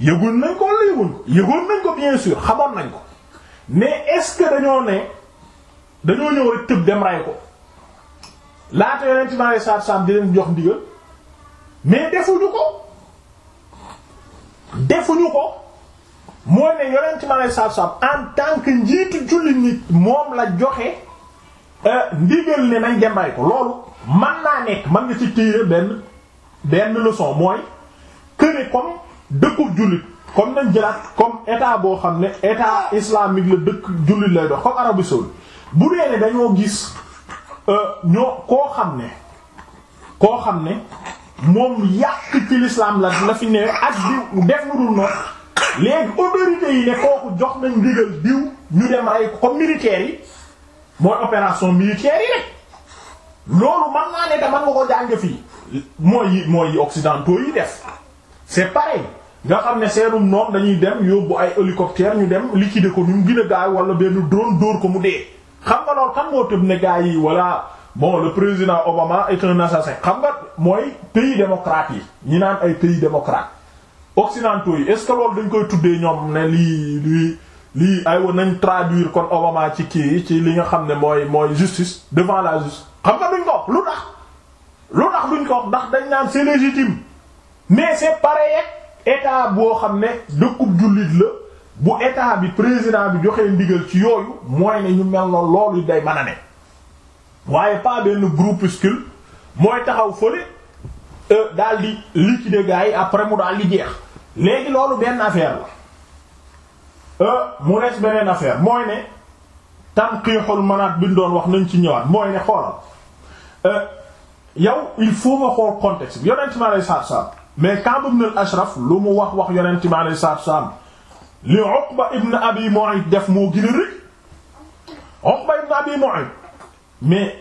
yëgoon nañ ko wala yëgoon nañ ko bien sûr xamoon nañ ko mais est-ce que dañoo ne dañoo ñëw rek tëb dem ko laata yonent bi alayhi salaatu salaam di leen jox ndigal mais defuñu ko defuñu ko mooy ne yonent bi alayhi salaatu salaam en tant que njiitu jullit nit moom la joxe euh, ndigal ne nañ dem ko loolu man naa nekk man nga ci tirer benn benn leçon mooy que ne comme. dëkkub jullit comme nañ jëlaat comme état boo xam ne état ah. islamique la dëkk jullit lay dox comme Arabie saoudite bu dee ne dañoo gis euh, ñoo koo xam ne koo xam ne moom yàq ci l'islam la la ne ak diw def lu dul noonu léegi autorités yi ne kooku jox nañ ndigal diw ñu dem rey ko comme militaires yi mooy opération militaire yi loolu man naa ne da man nga ko jàng fii mooy yi mooy yi occidentaux yi def c'est pareil nga xam ne seenum noon dañuy dem yóbbu ay hélicoptère ñu dem liquider ko ñu gën a gaaw wala benn drone dóor ko mu dee xam nga lool xam ngoo tëb ne gars yi voilà bon le président Obama est un assassin xam nga mooy pays démocrate yi ñi naan ay pays démocrate occidentaux yi est dañ koy tuddee ñoom ne lii lii lii ay wa nañ traduire kon Obama ci kii ci li nga xam ne mooy mooy justice devant la justice xam nga duñ ko wax lu tax lu tax duñ ko wax état boo xam ne dëkku jullit la bu état bi président bi joxee ndigal ci yooyu mooy ne ñu mel noonu loolu day mën a ne waaye pas benn groupuscule mooy taxaw fële daal di ci gars yi après mu daal di jeex léegi loolu benn affaire la euh, mu des beneen affaire mooy ne tanqiixul manaat bi ñu doon wax nañ ci ñëwaat mooy ne xoolal euh, yow il faut nga xool contexte bi yonent ma lay saab saab mais Ka'b ibn al-Ashraf lu mu wax wax yonent bi alayhi salaatu salaam li Uqba ibn Abi Mu'ayt def moo gën a rëy Uqba ibn Abi Mu'ayt mais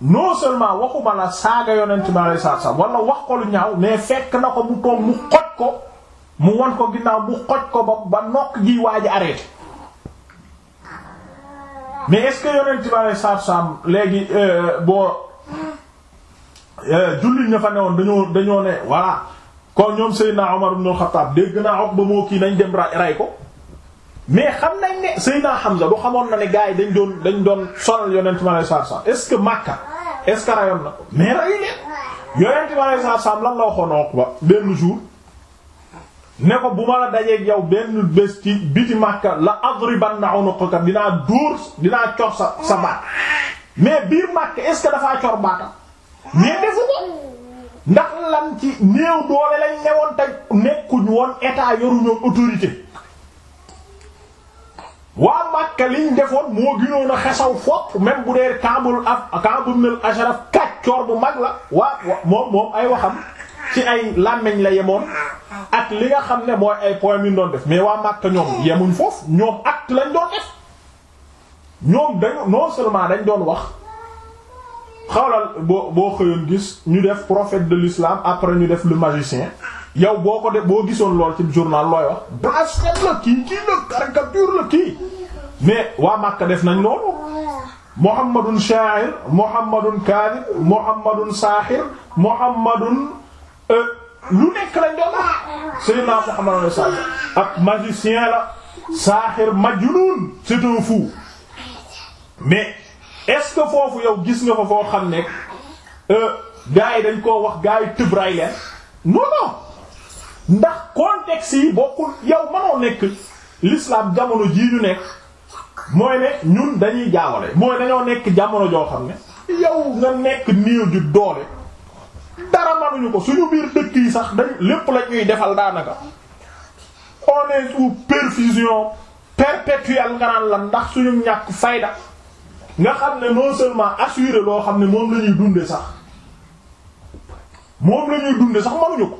non seulement waxuma la saaga yonent bi alayhi salaatu salaam wax ko lu ñaaw mais fekk na ko mu toog mu xoj ko mu won ko ginnaaw mu xoj ko ba ba nokk gi waaj a arrêté mais est-ce que yonent bi alayhi salaatu salaam léegi euh, boo euh, julli ña fa newoon dañoo dañoo ne voilà. kon ñoom Seydina Omar ibn Khattab dégg naa ba moo kii nañ dem ra ray ko mais xam nañ ne Seydina Hamza bu xamoon na ne gars yi dañ doon dañ doon sonal yonent ma lay sarsam est Makka est rayoon na ko mais rayu leen yonent ma lay sarsam lan la waxoon Uqba benn jour ne ko bu ma la dajeeg yow benn bés ci biti Makka la adribanna unuqaka dinaa dóor dinaa cor sa sa baat mais biir Makka est-ce que dafaa cor baatam mais defu ko ndax lan ci néew doole lañ newoon te nekkuñ woon état yoruñoon autorité waa Makka liñ defoon moo gënoon a xesaw fopp même bu dee Kaabul af Kaabul nal Ashraf kàccoor bu mag la waa moom moom ay waxam ci ay làmmiñ la yemoon ak li nga xam ne mooy ay poème yu doon def mais waa Makka ñoom yemuñ foofu ñoom at lañ doon def ñoom dañu non seulement dañ doon wax xawlal boo boo xëyoon gis ñu def prophète de l'islam après ñu def le magicien yow boo ko def boo gisoon lool ci journal looy wax blasphème la kii kii la caricature la kii mais waa Makka def nañ loolu Muhammadun sha'ir Muhammadun kadhib Muhammadun sahir Muhammadun euh, lu nekk lañ doon wax Sayyidina Muhammad ak magicien la sahir majnun c'est un fou mais est foofu yow gis nga ko foo xam ne euh, gars yi dañ koo wax gars yi tëbraay leen non ndax contexte yi bokkul yow mënoo nekk l'islam jamono jii ñu nekk mooy ne ñun dañuy jaawale mooy dañoo nekk jamono joo xam ne yow nga nekk nii ju doole dara manuñu ko suñu biir dëkk yi sax lépp lañuy defal daanaka on est sous perfusion perpétuelle nga naan la ndax suñu ñàkk fayda nga xam ne non seulement assuré loo xam ne moom la ñuy dunde sax moom la ñuy dunde sax mënuñu ko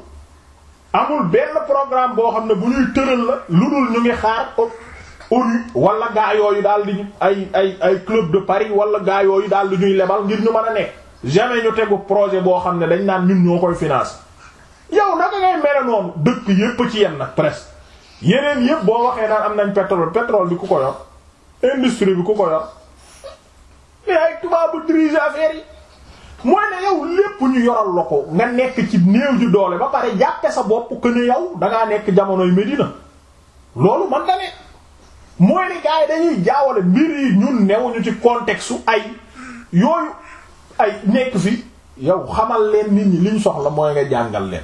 amul benn programme boo xam ne bu ñuy tëral la lu dul ñu ngi xaar ONU wala gaa yooyu daal di ay ay ay club de Paris wala gaa yooyu daal di ñuy lebal ngir ñu mën a nekk jamais ñu tegu projet boo xam ne dañ naan ñun ñoo koy financé yow naka ngay mere noonu dëkk yépp ci yenn nag presque yeneen yépp boo waxee naan am nañ pétrole pétrole bi ku ko yor industrie bi ku ko mais ay tubaabu diriger affaire yi mooy ne yow lépp ñu yoral la ko nga nekk ci néew ju doole ba pare jàppe sa bopp que ne yow dangaa nekk jamonoy Medina loolu man dane mooy ne gars yi dañuy jaawale mbir yi ñun newuñu ci contexte ay yooyu ay nekk fi yow xamal leen nit ñi liñ soxla mooy nga jàngal leen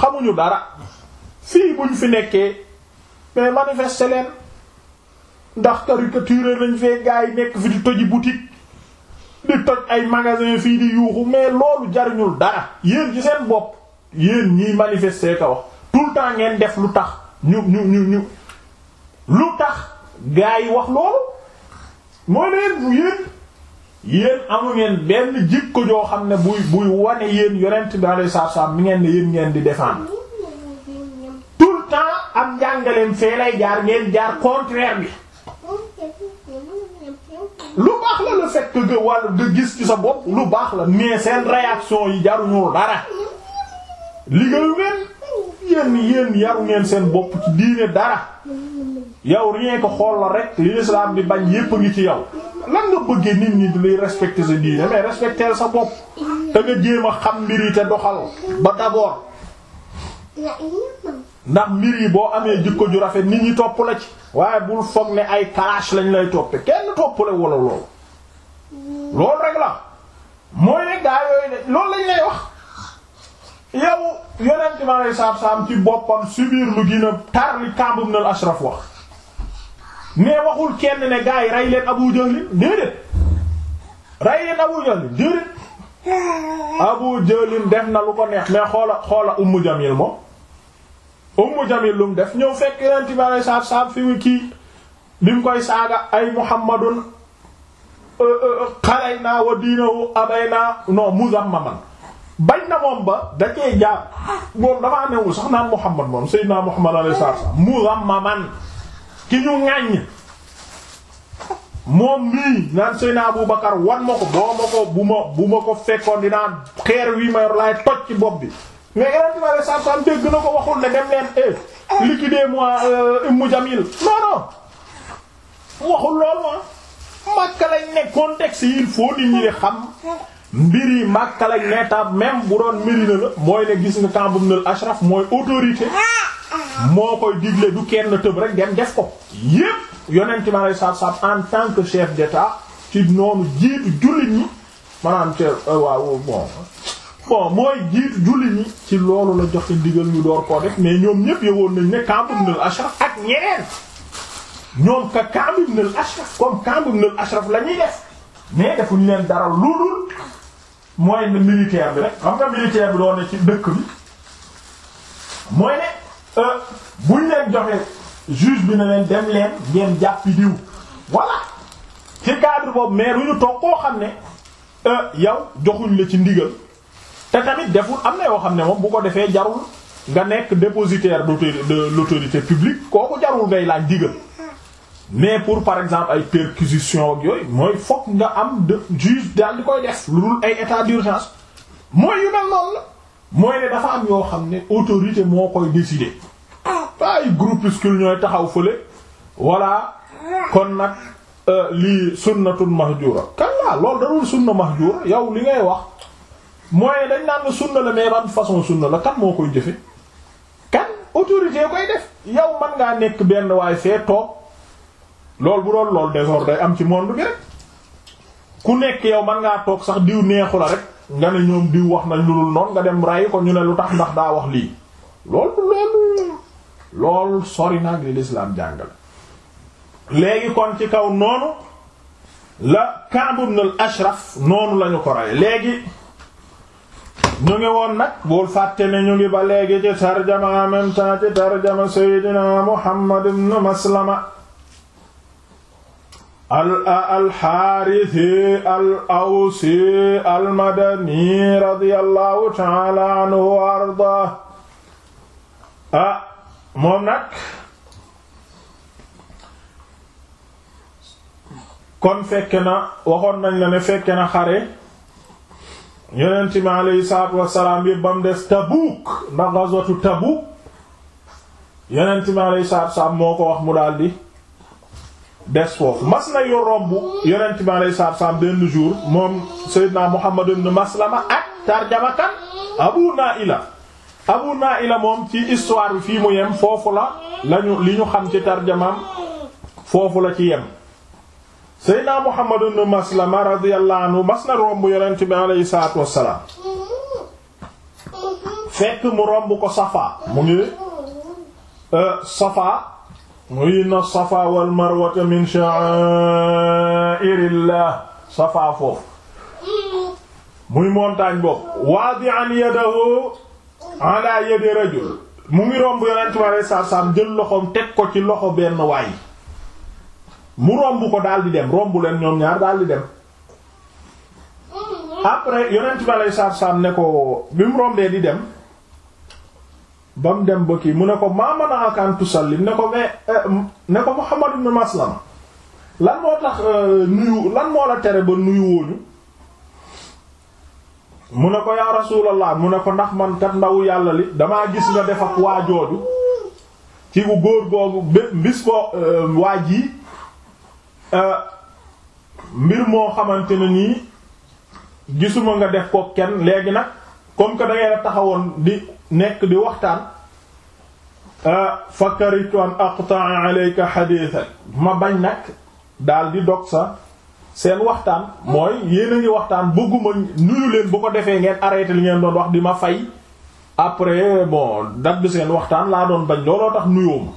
xamuñu dara fii ñu fi nekkee mais manifester leen ndax caricature lañ fee gars yi nekk fi di toji boutique di toj ay magasin fii di yuuxu mais loolu dara yéen ci bopp yéen ñiy manifester ka tout le temps ngeen def lu tax ñu ñu ñu ñu tax gaa yi wax loolu mooy leen ngeen benn jikko joo xam ne buy buy wane yéen yonent bi alayhi salaam mi ngeen ne ngeen di défendre tout le temps am njàngaleen fee lay jaar ngeen jaar kontreer bi lu baax la le fait que nga wàll nga gis ci sa bopp lu baax la mais seen réaction yi jaruñu dara liggéeyu ngeen yéen yéen yaru ngeen seen bopp ci diine dara yow rien que xool la rek li islam bi bañ yépp ngi ci yow lan nga bëggee nit ñi di lay sa diine mais respecter sa bopp te nga jéem a xam mbir yi te doxal ba d'abord ndax mbir yi boo amee jikko ju rafet nit ñi topp la ci. waaye bul foog ne ay kalaas lañ lay toppe kenn toppale wala loolu loolu rek la mooy ne gaa yooyu ne loolu lañ lay wax yow yonent ma lay saab-saab ci boppam subir lu gën a tar li Kaab ibn al Ashraf wax mais waxul kenn ne gaa yi rey leen Abu Jahl déedéet rey leen Abu Jahl déedéet Abu Jahl def na lu ko neex mais xoola xoola Ummu Jamil moom ummu jamil lum def ñëw fekk yonent bi alei saatu salaam fi mu kii bi mu koy saaga ay muhammadun euh, euh, xarey naa wa diinawu abay naa non muzammaman bañ na moom ba da cee moom damaa newul sax naan muhammad moom sayyidina muhammad alei saatu muzammaman ki ñu ŋàññ moom mii naan Seyna Abubakar wan ma ko boo ma ko bu ma bu ma ko fekkoon dinaa xeer wi ma yor laay toj ci bopp bi mais Yonent bi sallallahu alayhi wasallam na ko waxul ne dem leen eh liquidez-moi Umm Jamil non non waxul loolu ma ah. Makka lañ ne contexte yi il faut nit ñi di xam mbir yi Makka lañ ne tab même bu doon Medina la mooy ne gis nga Ka'b ibn al-Ashraf mooy autorité moo koy digle du kenn tëb rek dem def ko yépp Yonent bi sallallahu alayhi en tant que chef d'État ci noonu jiitu jullit ñi maanaam te euh, waaw bon bon mooy jiitu julli ñi ci loolu la joxe ndigal ñu door koo def mais ñoom ñëpp yëgoon nañ ne Kaab ibn ashraf ak ñeneen ñoom ka Kaab ibn ashraf comme la ñuy def mais defuñ leen dara lu dul mooy ne militaire bi rek xam nga militaire bi doon ne ci dëkk bi mooy ne euh, buñ leen joxe juge bi na leen dem leen ngeen jàppi diw voilà ci cadre boobu mais lu ñu toog koo xam ne euh, yow joxuñ la ci ndigal. te tamit deful am na yoo xam ne moom bu ko defee jarul nga nekk dépositaire de l'autorité publique kooku jarul ngay laaj digal mais pour par exemple ay perquisition ak yooyu mooy fokk nga am de juge daal di koy def lu dul ay état d'urgence mooy yu mel la mooy ne dafa am yoo xam ne autorité moo koy décider ay groupuscule ñooy taxaw fële voilà kon nag euh, lii sunnatun mahjura kan laa loolu darul sunna mahjura yow li ngay wax mooy dañ naan sunna la mais ban façon sunna la kan moo koy jëfe kan autorité koy def yow man ngaa nekk benn waaye fee toog loolu bu doon loolu désordre day am ci monde bi rek ku nekk yow man ngaa toog sax diw neexu la rek nga ne ñoom diw wax nañ lu dul noonu nga dem rayi ko ñu ne lu tax ndax daa wax lii loolu loolu loolu sori naag li lislaam jàngale léegi kon ci kaw noonu la Ka'b ibn al-Ashraf noonu lañu ko rey léegi ñu ngi woon nag bul fàtte ne ñu ngi ba léegi ci tarjama en même temps tarjama seydina Muhammad ibn Maslama al alxaarisi al awsi almadani radiallahu taala anhu wa arda ah moom kon fekke na waxoon nañ la ne fekke xare yonent mi aleyhi salaatu wassalaam yëpp ba mu des Tabuuk ndax gazwatu Tabuuk yonent mi aleyhi salaatu wassalaam moo ko wax mu daldi des foofu mas na yu romb yonent mi aleyhi salaatu wassalaam benn jour moom Seydina Muhammad ibn Maslama ak tarjamakan Abu Naila Abu Naila moom ci histoire bi fii mu yem foofu la li ñu xam ci tarjamaam foofu la ci yem seydna Muhammad ibn Maslama radiyallahu anhu mas na romb yonent bi aleyhi salaatu wassalaam fekk mu romb ko Safa mu ngi euh, Safa muy na Safa wal Marwata min sha'a'irillah Safa foofu muy montagne boobu wadi'an yadahu ala yadi rajul mu ngi romb yonent bi aleyhi salaatu wassalaam jël loxoom teg ko ci loxo benn waay mu romb ko daal di dem romb leen ñoom ñaar daal di dem après yonent bi aleyhi salaatu salaam ne ko bi mu rombee di dem ba mu dem ba kii mu ne ko maa mana'aka an ne ko mais euh, ne ko Muhammad ibn Maslama lan moo tax euh, nuyu lan moo la tere ba nuyu wooñu mu ne ko yaa rasulallah mu ne ko ndax man kat ndaw yàlla li damaa gis nga def ak waa jooju ci bu góor googu bis boo euh, waa ji Euh, mbir moo xamante ne nii gisuma nga def ko kenn léegi nag comme que da ngay taxawoon di nekk di waxtaan euh, fakaritu an aqta'a alayka hadithan ma bañ nag daal di dog sa seen waxtaan mooy yéen a ngi waxtaan bëgguma nuyu leen bu ko defee ngeen arrêté li ngeen doon wax di ma fay après bon dagg seen waxtaan laa doon bañ looloo tax nuyoo ma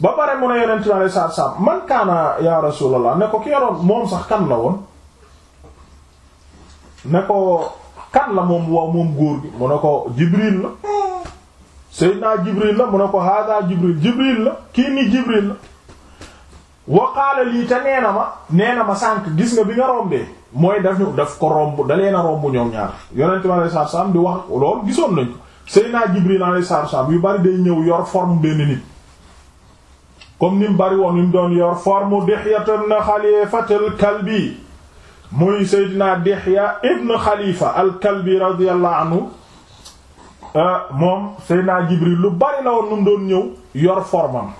ba pare mu ne yonent bi alayhi salaatu salaam man kaana ya rasulallah ne ko ki yoroon moom sax kan la woon ne ko kan la moom waaw moom góor gi mu ne ko Jibril la Seydina Jibril la mu ne ko hada Jibril Jibril la kii ni Jibril la wa lii te nee na ma nee na ma sànq gis nga bi nga rombee mooy daf ñu daf ko romb dalee na romb ñoom ñaar yonent bi alayhi salaatu salaam di wax lool gisoon nañ ko Seydina Jibril alayhi salaatu salaam yu bari day ñëw yor forme benn comme ni mu bari woon ni mu doon yor forme Dihya na Khalifa al-Kalbi muy Seydina Dihya ibn Khalifa al-Kalbi radiyallahu anhu euh, moom Seydina Jibril lu bari la woon nu mu doon ñëw yor formam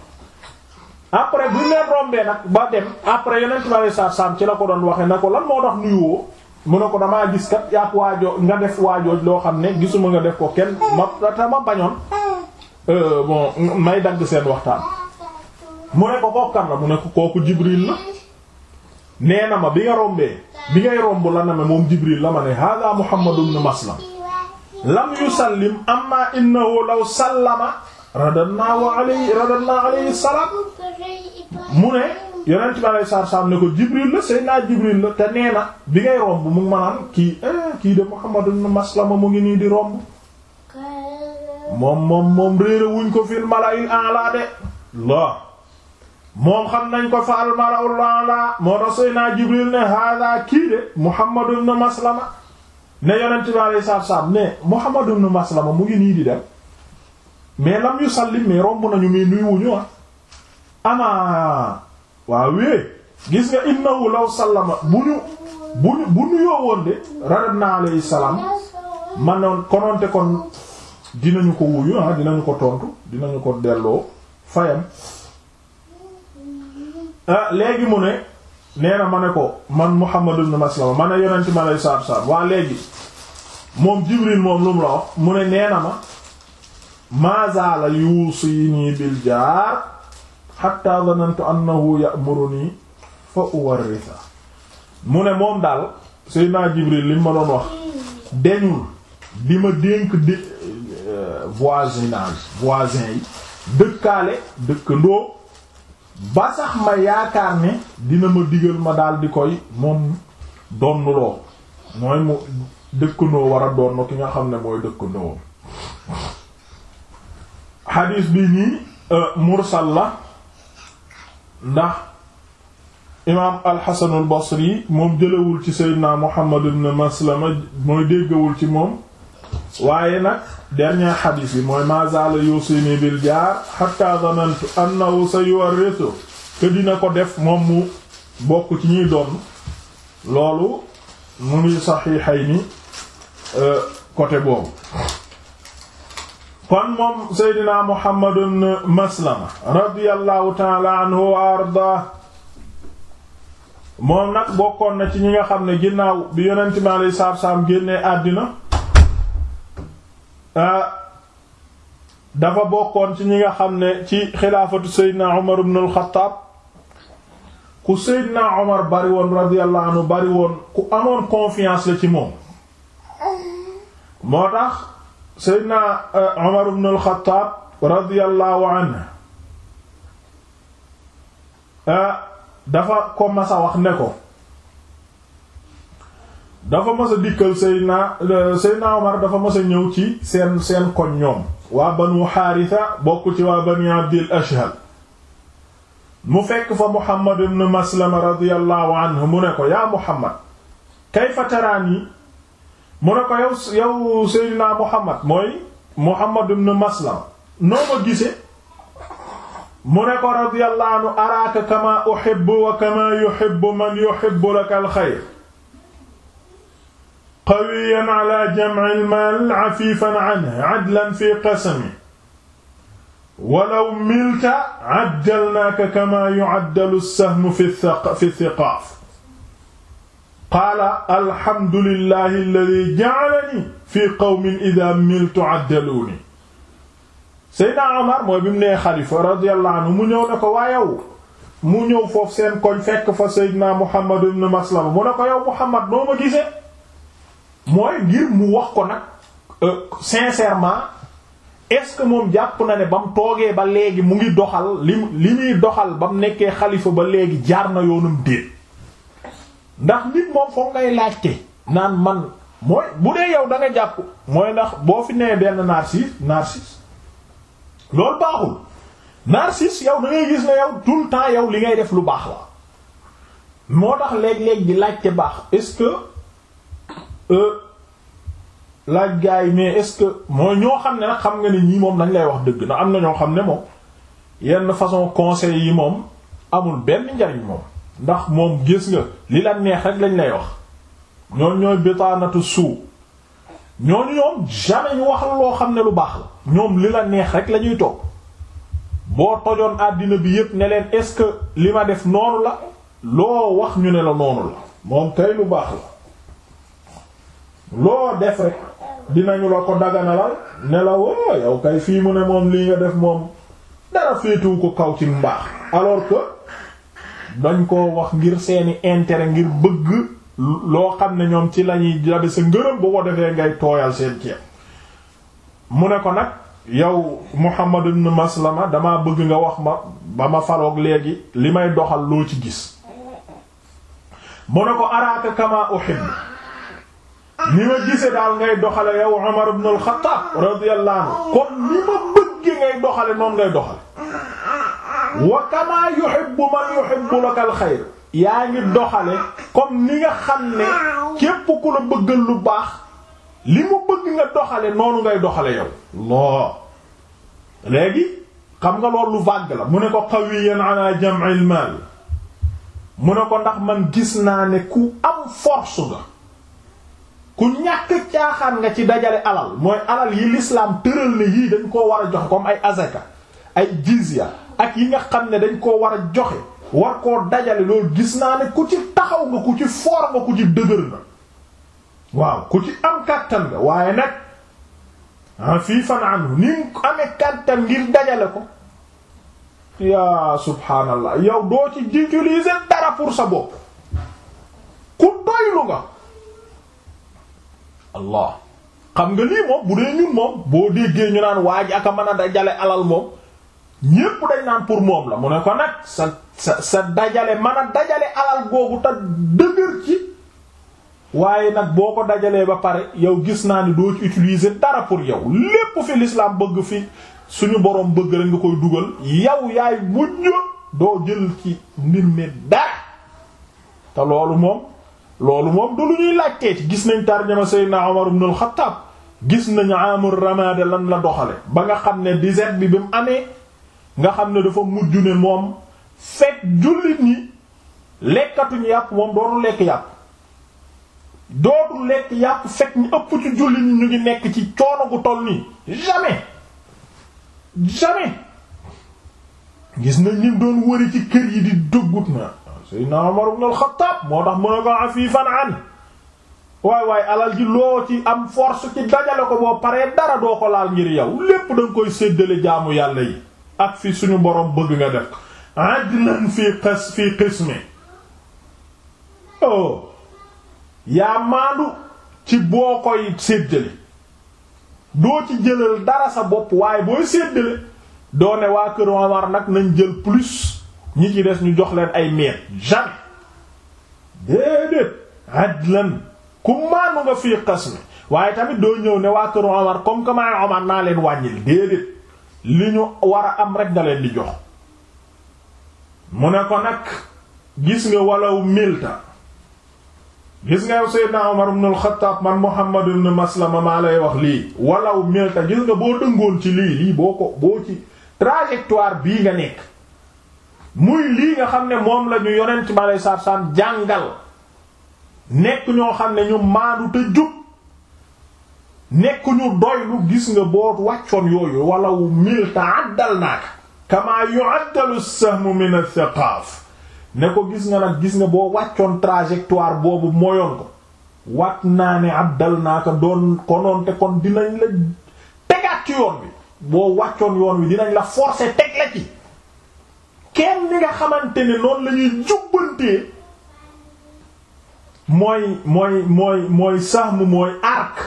après bu leen rombee nag ba dem après yonent bi alayhi salaatu ci la ko doon waxee na ko lan moo tax nuyuwoo mu ne ko damaa gis kat yàpp waajoo nga def waajooj loo xam ne gisuma nga def ko kenn ma ma bañoon euh, bon may dagg seen waxtaan mu ne ko kokkan la mu ne ko kooku la nee na ma bi nga bi romb la ma moom Jibril ko Jibril la Seydina Jibril te nee na bi ngay romb mu ngi kii eh, kii de Muhammad ibn Maslama mu ngi nii di romb moom moom réere wuñ ko fil mala'il a'la de la moom xam nañ ko fa almarawlala moo tax Seydina Jibril ne hada kii de Muhammad ibn Maslama ne yonent bi alayhi salaam ne Muhammad ibn Maslama mu ngi nii di dem mais lam yu sallim mais romb nañu mais nuy wuñu ah waaw wée gis nga innahu law sallama bu ñu bu ñu bu nuyoo woon de radab na alayhi salaam man noon konoonte kon dinañu ko wuyu ah dinañu ko tontu dinañu ko delloo fayam Ah, léegi mu ne nee na ma ne ko man mu Muhammad ibn Maslama ma ne yonent ma lay saab saab waa léegi moom Jibril moom lu mu la wax mu ne nee na ma maazaala yuusini bil jaar hatta dhanantu annahu ya'muruni fa uwarritha mu ne moom daal Seydina Jibril li ma doon wax deñul di ma dénk di euh, voisinage voisin yi dëkkaale dëkkandoo ba sax ma yaakaar ne dina ma digal ma daal di koy moom donnuloo mooy mu dëkkandoo war a donn ki nga xam ne mooy dëkkandoo xadiis bi nii euh, mursal la ndax imaam alxasanul basri moom jëlawul ci seydina muhammad ibn maslama mooy déggawul ci moom waaye nag dernier xadis bi mooy ma zaala yusini bil jaar hatta zanantu annahu sayuwarrisu te dina ko def moom mu bokk ci ñuy doon loolu mu ngi saxiixayni euh, côté boobu kon moom seydina Muhammad ibn Maslama radiyallahu taala anhu wa arda moom nag bokkoon na ci ñi nga xam ne ginnaaw bi yonent mi alayhi salaam génnee àddina Ah, dafa bokkoon ci ñi nga xam ne ci xilaafatu Seydina Umar ibn al-Khattab ku Seydina Umar bari woon radiyallahu anhu bari ku amoon confiance la ci moom moo tax Seydina Umar eh, ibn al-Khattab radiyallahu anhu eh, dafa ko masa ne ko dafa mas a dikkal Seydina euh, Seydina Omar dafa mas a ñëw ci seen seen koñ ñoom waa banu Haarisa bokk ci waa bani Abdil Ashhal mu fekk fa Muhammad ibn Maslama radiyallahu anhu mu ne ko yaa Muhammad kayfa taraani mu ne ko yow yow Muhammad mooy Muhammad ibn Maslama noo gise mu ne ko radiyallahu araaka kama uhibbu wa kama yuhibbu man yuhibbu laka al qawiyan ala jam'i al-maal afifan anhu adlan fi qasmi walaw milta addalnaaka kama yu'addalu as-sahmu fi thiqaaf qaala alhamdulillahi alladhi ja'alani fi qawmin idha miltu addaluni Seydina Omar mooy bi mu nee xalifa radiyallahu anhu mu ñëw ne ko waa yow mu ñëw foofu seen koñ fekk fa Seydina Muhammad ibn Maslama mu ne ko yow Muhammad noo ma gisee mooy ngir mu wax ko nag euh, sincèrement est-ce que moom jàpp na ne ba mu toogee ba léegi mu ngi doxal li li muy doxal ba mu nekkee xalifa ba léegi jaar na yoonum déet ndax nit moom foog ngay laajte naan man mooy bu dee yow da jàpp mooy ndax boo fi nee benn narcisse narcisse loolu baaxul narcisse yow da ngay gis ne yow tout le temps yow li ngay def lu baax la moo tax léeg-léeg di laajte baax est-ce que Euh, laaj gars yi mais est-ce que mooy ñoo xam ne nag xam nga ni ñii moom lañ lay wax dëgg na am na ñoo xam ne moom yenn façon conseil yi moom amul benn njariñ moom ndax moom gis nga li la neex rek lañ lay wax ñoon ñooy bitaanatu suu ñooñu ñoom jamais ñu wax loo xam ne lu baax la ñoom li la neex rek la ñuy toog boo tojoon àddina bi yépp ne leen est-ce que li ma def noonu la loo wax ñu ne la noonu la moom kay lu baax la loo def rek dinañu la ko daganalal ne la woo yow kay fii mu ne moom lii nga def moom dara féetu ko kaw ci mbaax alors que dañ koo wax ngir seeni intérêt ngir bëgg loo xam ne ñoom ci lañuy jabe sa ngërëm bu ko defee ngay tooyal seen ceeb mu ne ko nag yow Muhammad ibn Maslama dama bëgg nga wax ma ba ma faloog léegi li may doxal loo ci gis mu ne ko araaka kama uhibbu ni ma gise daal ngay doxale yow Umar ibn al-Khattab kon ni ma bëgge ngay doxale noonu ngay doxale wa kama yuhibbu man yuhibbu laka al-khayr yaa ngi doxale kon ni nga xam ne képp ku la bëggal lu baax li mu bëgg nga doxale noonu ngay doxale yow Allah léegi xam nga loolu lu vague la mu ne ko qawiyan ala jam'il mal mu ne ko ndax man gis naa ne ku am force nga ku ñàkk caaxaan nga ci dajale alal mooy alal yi lislaam tëral ne yii dañ koo war a joxe koom ay azaka ay jizya ak yi nga xam ne dañ koo war a joxe war koo dajale loolu gis naa ne ku ci taxaw nga ku ci foor nga ku ci dëgër nga waaw ku ci am kàttan nga waaye nag ah fii fanaan ni nga kàttan ngir dajale ko yaa subhaanallah yow doo ci utiliser dara pour sa bopp ku doylu nga allah xam nga lii moom bu dee ñun moom boo déggee ñu naan waa ji aka mën a dajale alal moom ñépp dañ naan pour moom la mu ne ko nag sa sa sa dajale mën a dajale alal googu te dëgër ci waaye nag boo ko dajalee ba pare yow gis naa ni doo ci utilise dara pour yow lépp fi l'islam bëgg fi suñu borom bëgg rek nga koy dugal yow yaay mujj doo jël ci mbir mi dara te loolu moom loolu moom du lu ñuy laajteeti gis nañ tarjama Seydina Omar ibn al-Khattab gis nañ amul ramada lan la doxale ba nga xam ne disette bi bi mu amee nga xam ne dafa mujj ne moom fekk jullit ñi lekkatuñ yàpp moom dootul lekk yàpp dootul lekk yàpp fekk ñu ëpp ci jullit ñu ngi nekk ci coono gu toll nii jamais jamais gis nañ ñi doon wëri ci kër yi di dëggut na Seydina Umar ibn al-Khattab moo tax mën a ko afifan an waay waay alal ji loo ci am force ci dajale ko boo paree dara doo ko laal ngir yow lépp danga koy séddale jaamu yàlla yi ak fi suñu borom bëgg nga def adlan fi qis fi qismi oh yaa maandu ci boo koy séddale doo ci jëlal dara sa bopp waaye booy séddale doo ne waa kër Umar nag nañ jël plus ñi ci des ñu jox leen ay miet jamais déedéet adlan ku nga fii qasmi waaye tamit doo ñëw ne waa këru Omar comme que maay Omar naa leen wàññil déedéet li ñu war a am rek nga leen di jox mu ne ko nag gis nga walaw milta gis nga yow Seydina Omar ibn al-Khattab man Muhammad ibn Maslama maa lay wax lii walaw milta gis nga boo dëngoon ci lii lii boo ko boo ci trajectoire bii nga nekk muy lii nga xam ne moom la ñu yonent bi aleyhi salaatu salaam jàngal nekk ñoo xam ne ñu maandu te jub nekk ñu doylu gis nga boo wàccoon yooyu wala wu mil ta àddal naaka kamaa yu'addalu sahmu min ath-thaqaf ne ko gis nga nag gis nga boo wàccoon trajectoire boobu moyoon ko wat naa ne àddal naaka doon konoon te kon dinañ la tegaat ci yoon bi boo wàccoon yoon wi dinañ la forcer teg ci kenn nga xamante ne noonu la ñuy jubbantee mooy mooy mooy mooy mooy arc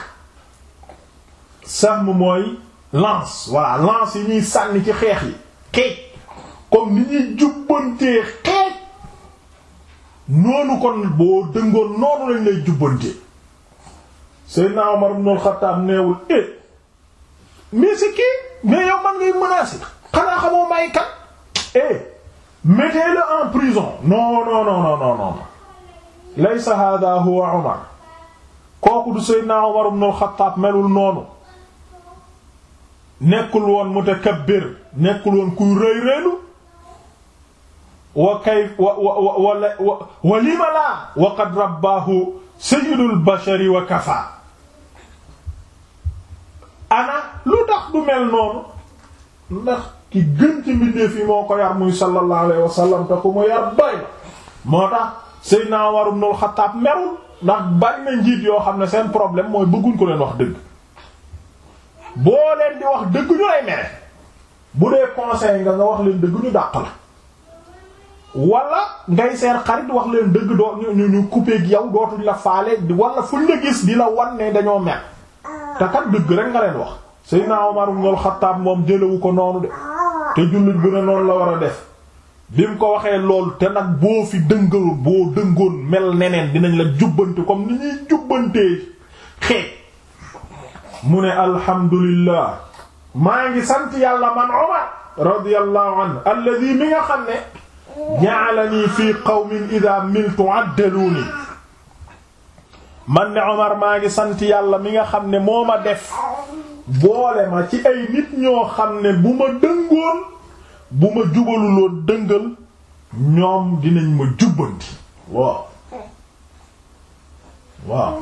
sahm mooy lance voilà lance yi ñuy sànni ci xeex yi xeej comme ni ñuy jubbantee xeej noonu kon boo dëngoon noonu lañ jubbantee Seydina Omar ibn al-Khattab neewul eh mais c'est qui mais yow man ngay xanaa xamoo may kat eh mettez-le en prison non non non non non non laysa hada huwa Umar kooku du Seydina Umar ibn al-Khattab melul noonu nekkul woon mutakabbir nekkul woon kuy rëy rëylu wa kay wa wa wa wa lima laa wa qad rabbaahu sayyidul bashari wa kafaa ana lu tax du mel noonu ndax ki gën ci mbindeef yi moo ko yar muy sallallahu alayhi wa sallam te ku mu yar doy moo tax Seydina Umar ibn al-Khattab merul ndax bari njiit yoo xam ne seen problème mooy bëgguñ ko leen wax dëgg boo leen di wax dëgg ñu lay mere bu dee conseil nga nga wax leen dëgg ñu dàq la wala ngay seen xarit wax leen dëgg doo ñu ñu coupé ak yow dootuñ la faale wala fuñ la gis di la wan dañoo mer te kat dëgg rek nga leen wax Seydina Umar ibn al-Khattab moom jëlewu ko noonu de te jullit bi ne noonu la war a def bi mu ko waxee loolu te nag boo fi dëngal boo dëngoon mel neneen dinañ la jubbante comme ni ñuy jubbantee xeej mu ne alhamdulillah maa ngi sant yàlla man Umar radiyallahu anhu alladhi mi nga xam ne ja'alani fi qawmin idha miltu addaluni man ne Umar maa ngi sant yàlla mi nga xam ne moo ma def boole ma ci ay nit ñoo xam ne bu ma dëngoon bu ma jubaluloon dëngal ñoom dinañ ma jubbanti waaw waaw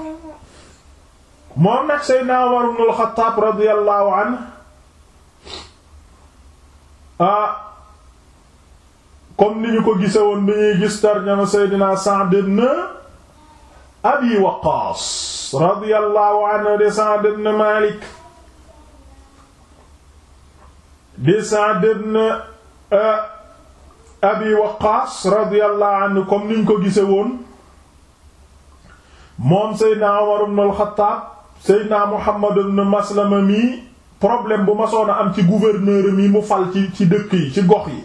nag Seydina Umar ibn al-Khattab radiyallahu anhu ah ni ñu ko gisewoon bi ñuy gis tarjama Seydina Sa'd ibn Abi Waqqas radiyallahu anhu de Malik di Sa'd ibn uh, Abi Waqqas radiyallahu anhu comme niñ ko gise woon moom Seydina Umar ibn al-Khattab Seydina Muhammad ibn Maslama mi problème bu ma soon a am ci gouverneur mi mu fal ci ci dëkk yi ci gox yi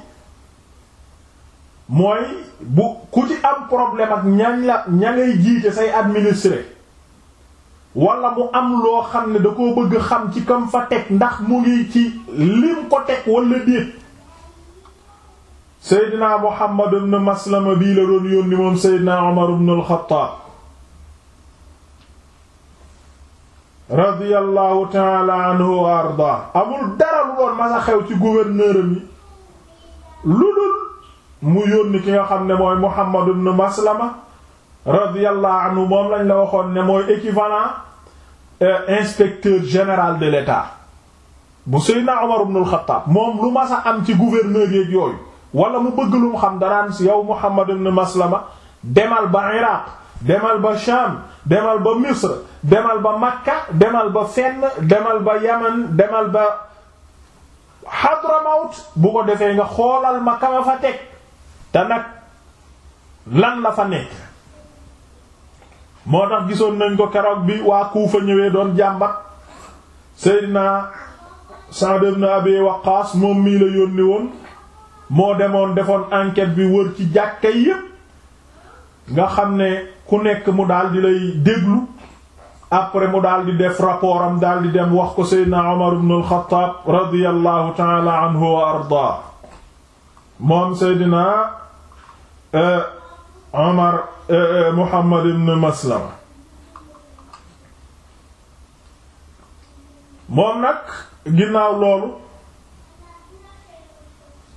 mooy bu ku ci am problème ak ñañ la ña jiite say administré wala mu am loo xam ne da koo bëgg xam ci kam fa teg ndax mu ngi ci lim ko teg wala déet Seydina Muhammad ibn Maslama bii la doon yónni moom Seydina Umar ibn al-Khattab radiyallahu anhu wa arda amul dara lu doon masa xew ci gouverneur am yi lu dul mu yónni ki nga xam ne mooy Muhammad ibn Maslama radiyallahu anhu moom lañ la waxoon ne mooy équivalent euh, inspecteur général de l'État bu Seydina Omar ibn al moom lu mas a am ci gouverneur yeeg yooyu wala mu bëgg lu mu xam danaan si yow Muhammad ibn Maslama demal ba Iraq demal ba Sham demal ba Misr demal ba Makka demal ba fenn demal ba Yaman demal ba Hadramaut bu ko defee nga xoolal ma kama fa teg te nag lan la fa nekk moo tax gisoon nañ ko keroog bi waa Kuufa ñëwee doon jàmbat Seydina Sa'd ibn Abi Waqqas moom mii la yónni woon moo demoon defoon enquête bi wër ci jàkka yépp nga xam ne ku nekk mu daal lay déglu après mu daal di def rapport am daal di dem wax ko Seydina Omar ibn al-Khattab radiyallahu wa arda moom Seydina euh, Omar eh, eh, Muhammad ibn Maslama moom nag ginnaaw loolu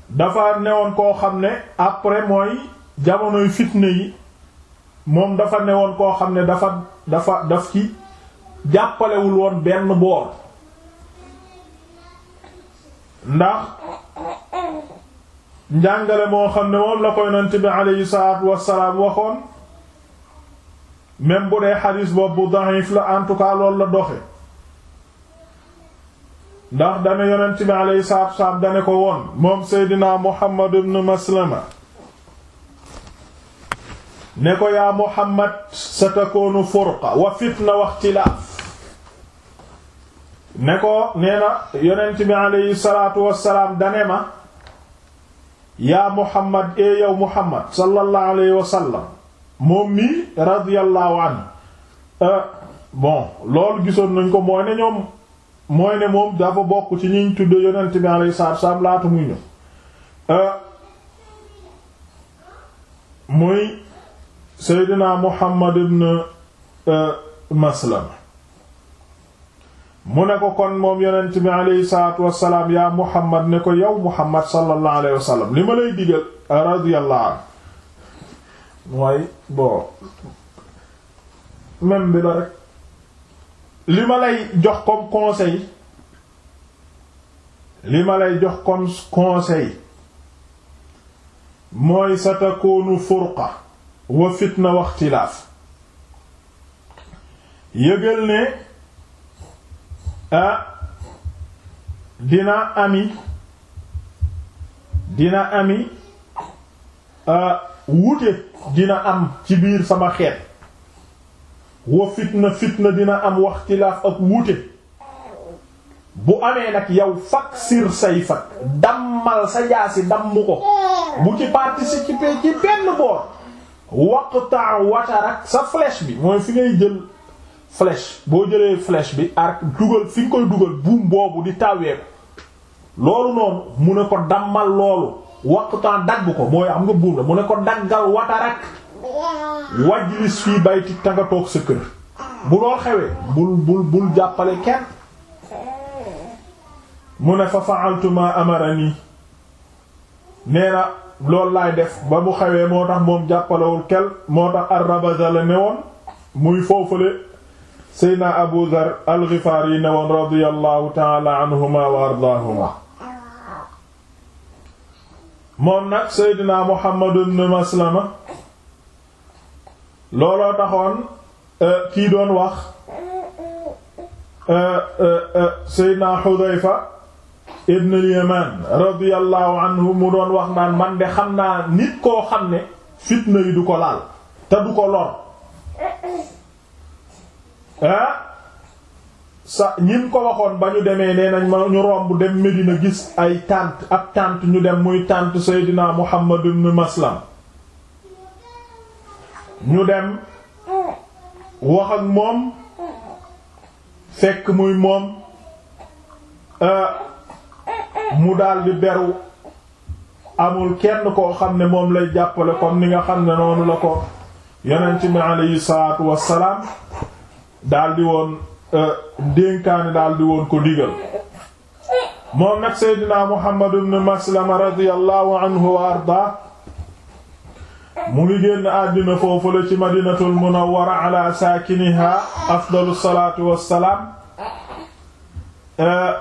dafa newoon koo xam ne après mooy jamonoy fitne yi moom dafa newoon koo xam ne dafa dafa daf ci jàppalewul woon benn boor ndax njàngale moo xam ne moom la koy nante bi aleyhi wassalaam waxoon même bu dee xadis boobu daif la en tout cas loolu la doxe ndax dana yonent bi aleyhi salaatu dane ko woon moom seydinaa Muhammad ibn Maslama ne ko yaa Muhammad satakoonu furqa wa fitna wa ixtilaaf ne ko nee na yonent bi wassalaam dane ma yaa muhammad e yow muhammad sallallahu alayhi wa sallam moom mi radiyallahu anhu euh, bon loolu gisoon nañ ko mooy ne ñoom mooy ne moom dafa bokk ci ñiñ tudd yonent bi alayhi salaatu wa salaam laata muy ñëw euh, muy seydina muhammad ibn euh, maslama mu ne ko kon moom yonent bi alayhi salaatu wassalaam yaa muhammad ne ko yow muhammad sallallahu alayhi wasallam li ma lay digal radiyallahu an mooy bon même rek li ma lay jox comme conseil li ma lay jox comme conseil mooy sa takoonu furqa wa fitna waxtilaaf yëgal ne Ah, dina ami dina ami ah, wuute dina am ci biir sama xeet wa fitna fitna dina am wax ak wuute bu amee nag yow fakk sir say fakk dammal sa jaasi damm ko bu ci participer ci benn boor waqta watarak sa flèche bi mooy fi ngay jël flèche boo jëlee flèche bi arc dugal fi nga koy dugal buum boobu di taweeku loolu noonu mu ne ko dammal loolu waqtan dagg ko mooy am nga buum la mu ne ko daggal watarak wajlis fii bayti ta nga toog sa kër bu lool xewee bul bul bul jàppale kenn mu ne fa fa'altu ma amarani nee na loolu laay def ba mu xewee moo tax moom jàppalewul kel moo tax ar-Rabaza la newoon muy foofale seydna abu dhar alxifaar yi ne woon radiallahu taala anhuma wa ardaahuma moom nag seydna muhammadu bnu maslama looloo taxoon eh, kii doon wax eh, eh, seydna xudayfa ibn al-yaman radiallahu anhu mu doon wax naan man de xam naa nit koo xam ne fitna yi du ko laal te du ko lor ah sa ñim ko waxoon ba ñu demee nee na ma ñu romb dem Medina gis ay tànt ab tànt ñu dem muy tànt Seydina Muhammad ibn Maslam ñu dem wax ak moom fekk muy moom ah, mu daldi beru amul kenn koo xam ne moom lay jàppale comme ni nga xam ne noonu la ko yonent bi alayhi salaatu wassalaam daldi woon euh, dénkaane daldi woon ko digal moom nag seydina Muhammad ibn Maslama radiyallahu anhu wa ardaa mu ngi génn àddina foofu la ci madinatul munawwara ala saakiniha afdalu salaatu wassalaam euh,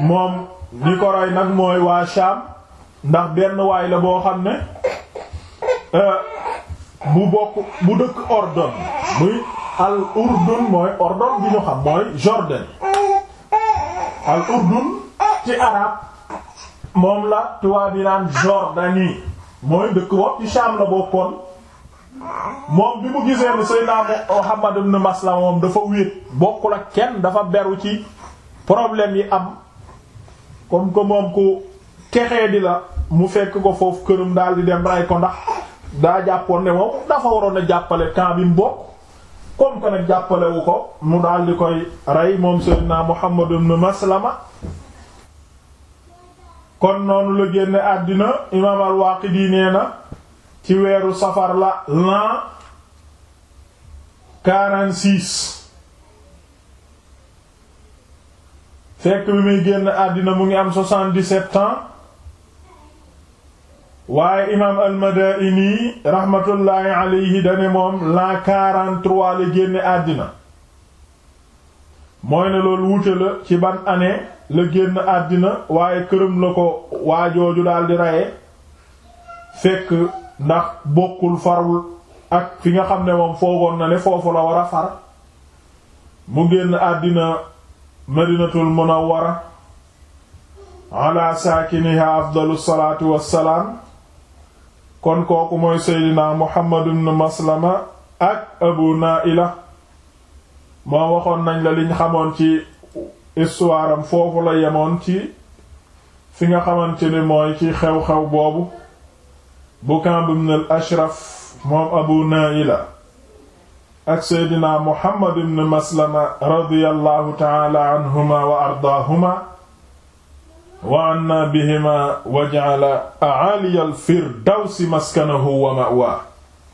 moom li ko nag mooy waa Shaam ndax benn waay la boo xam ne euh, bu bokk bu dëkk Ordon al urdun mooy ordon bi ñu xam mooy Jordan al urdun ci arab moom la tubaab yi naan Jordanie mooy dëkk bopp ci Sham la bokkoon moom bi mu gisee ni Seydina Muhammad ibn Maslama moom dafa wéet bokkul ak kenn dafa beru ci problème yi am comme que moom ku texee di la mu fekk ko foofu këram daal di dem ray ko ndax daa jàppoon ne moom dafa waroon a jàppale temps bokk comme que nag jàppalewu ko mu daal di koy rey moom Seydina Muhammad ibn Maslama kon noonu la génne àddina imaam al-Waaqidi nee na ci weeru safar la l'an 46 fekk bi muy génn àddina mu ngi am 77 ans waaye imaam al-Madaini rahmatullahi alayhi dane moom l'an 43 la génne àddina mooy ne loolu wuute la ci ban année la génn àddina waaye këram la ko waajooju daal di reye fekk ndax bokkul farul ak fi nga xam ne moom foogoon na ne foofu la war a far mu génn àddina madinatul munawwara ala saakiniha afdalu salaatu wassalaam kon kooku mooy seydina Muhammad ibn Maslama ak Abu Naila moo waxoon nañ la liñ xamoon ci histoire am foofu la yemoon ci fi nga xamante ni mooy ci xew-xew boobu bu Ka'b ibn al-Ashraf moom Abu Naila ak seydina Muhammad ibn Maslama radiyallahu ta'ala anhuma wa ardaahuma wa'annaa bihimaa waj'ala a'aaliya al-firdawsi maskanahu wa ma'waahu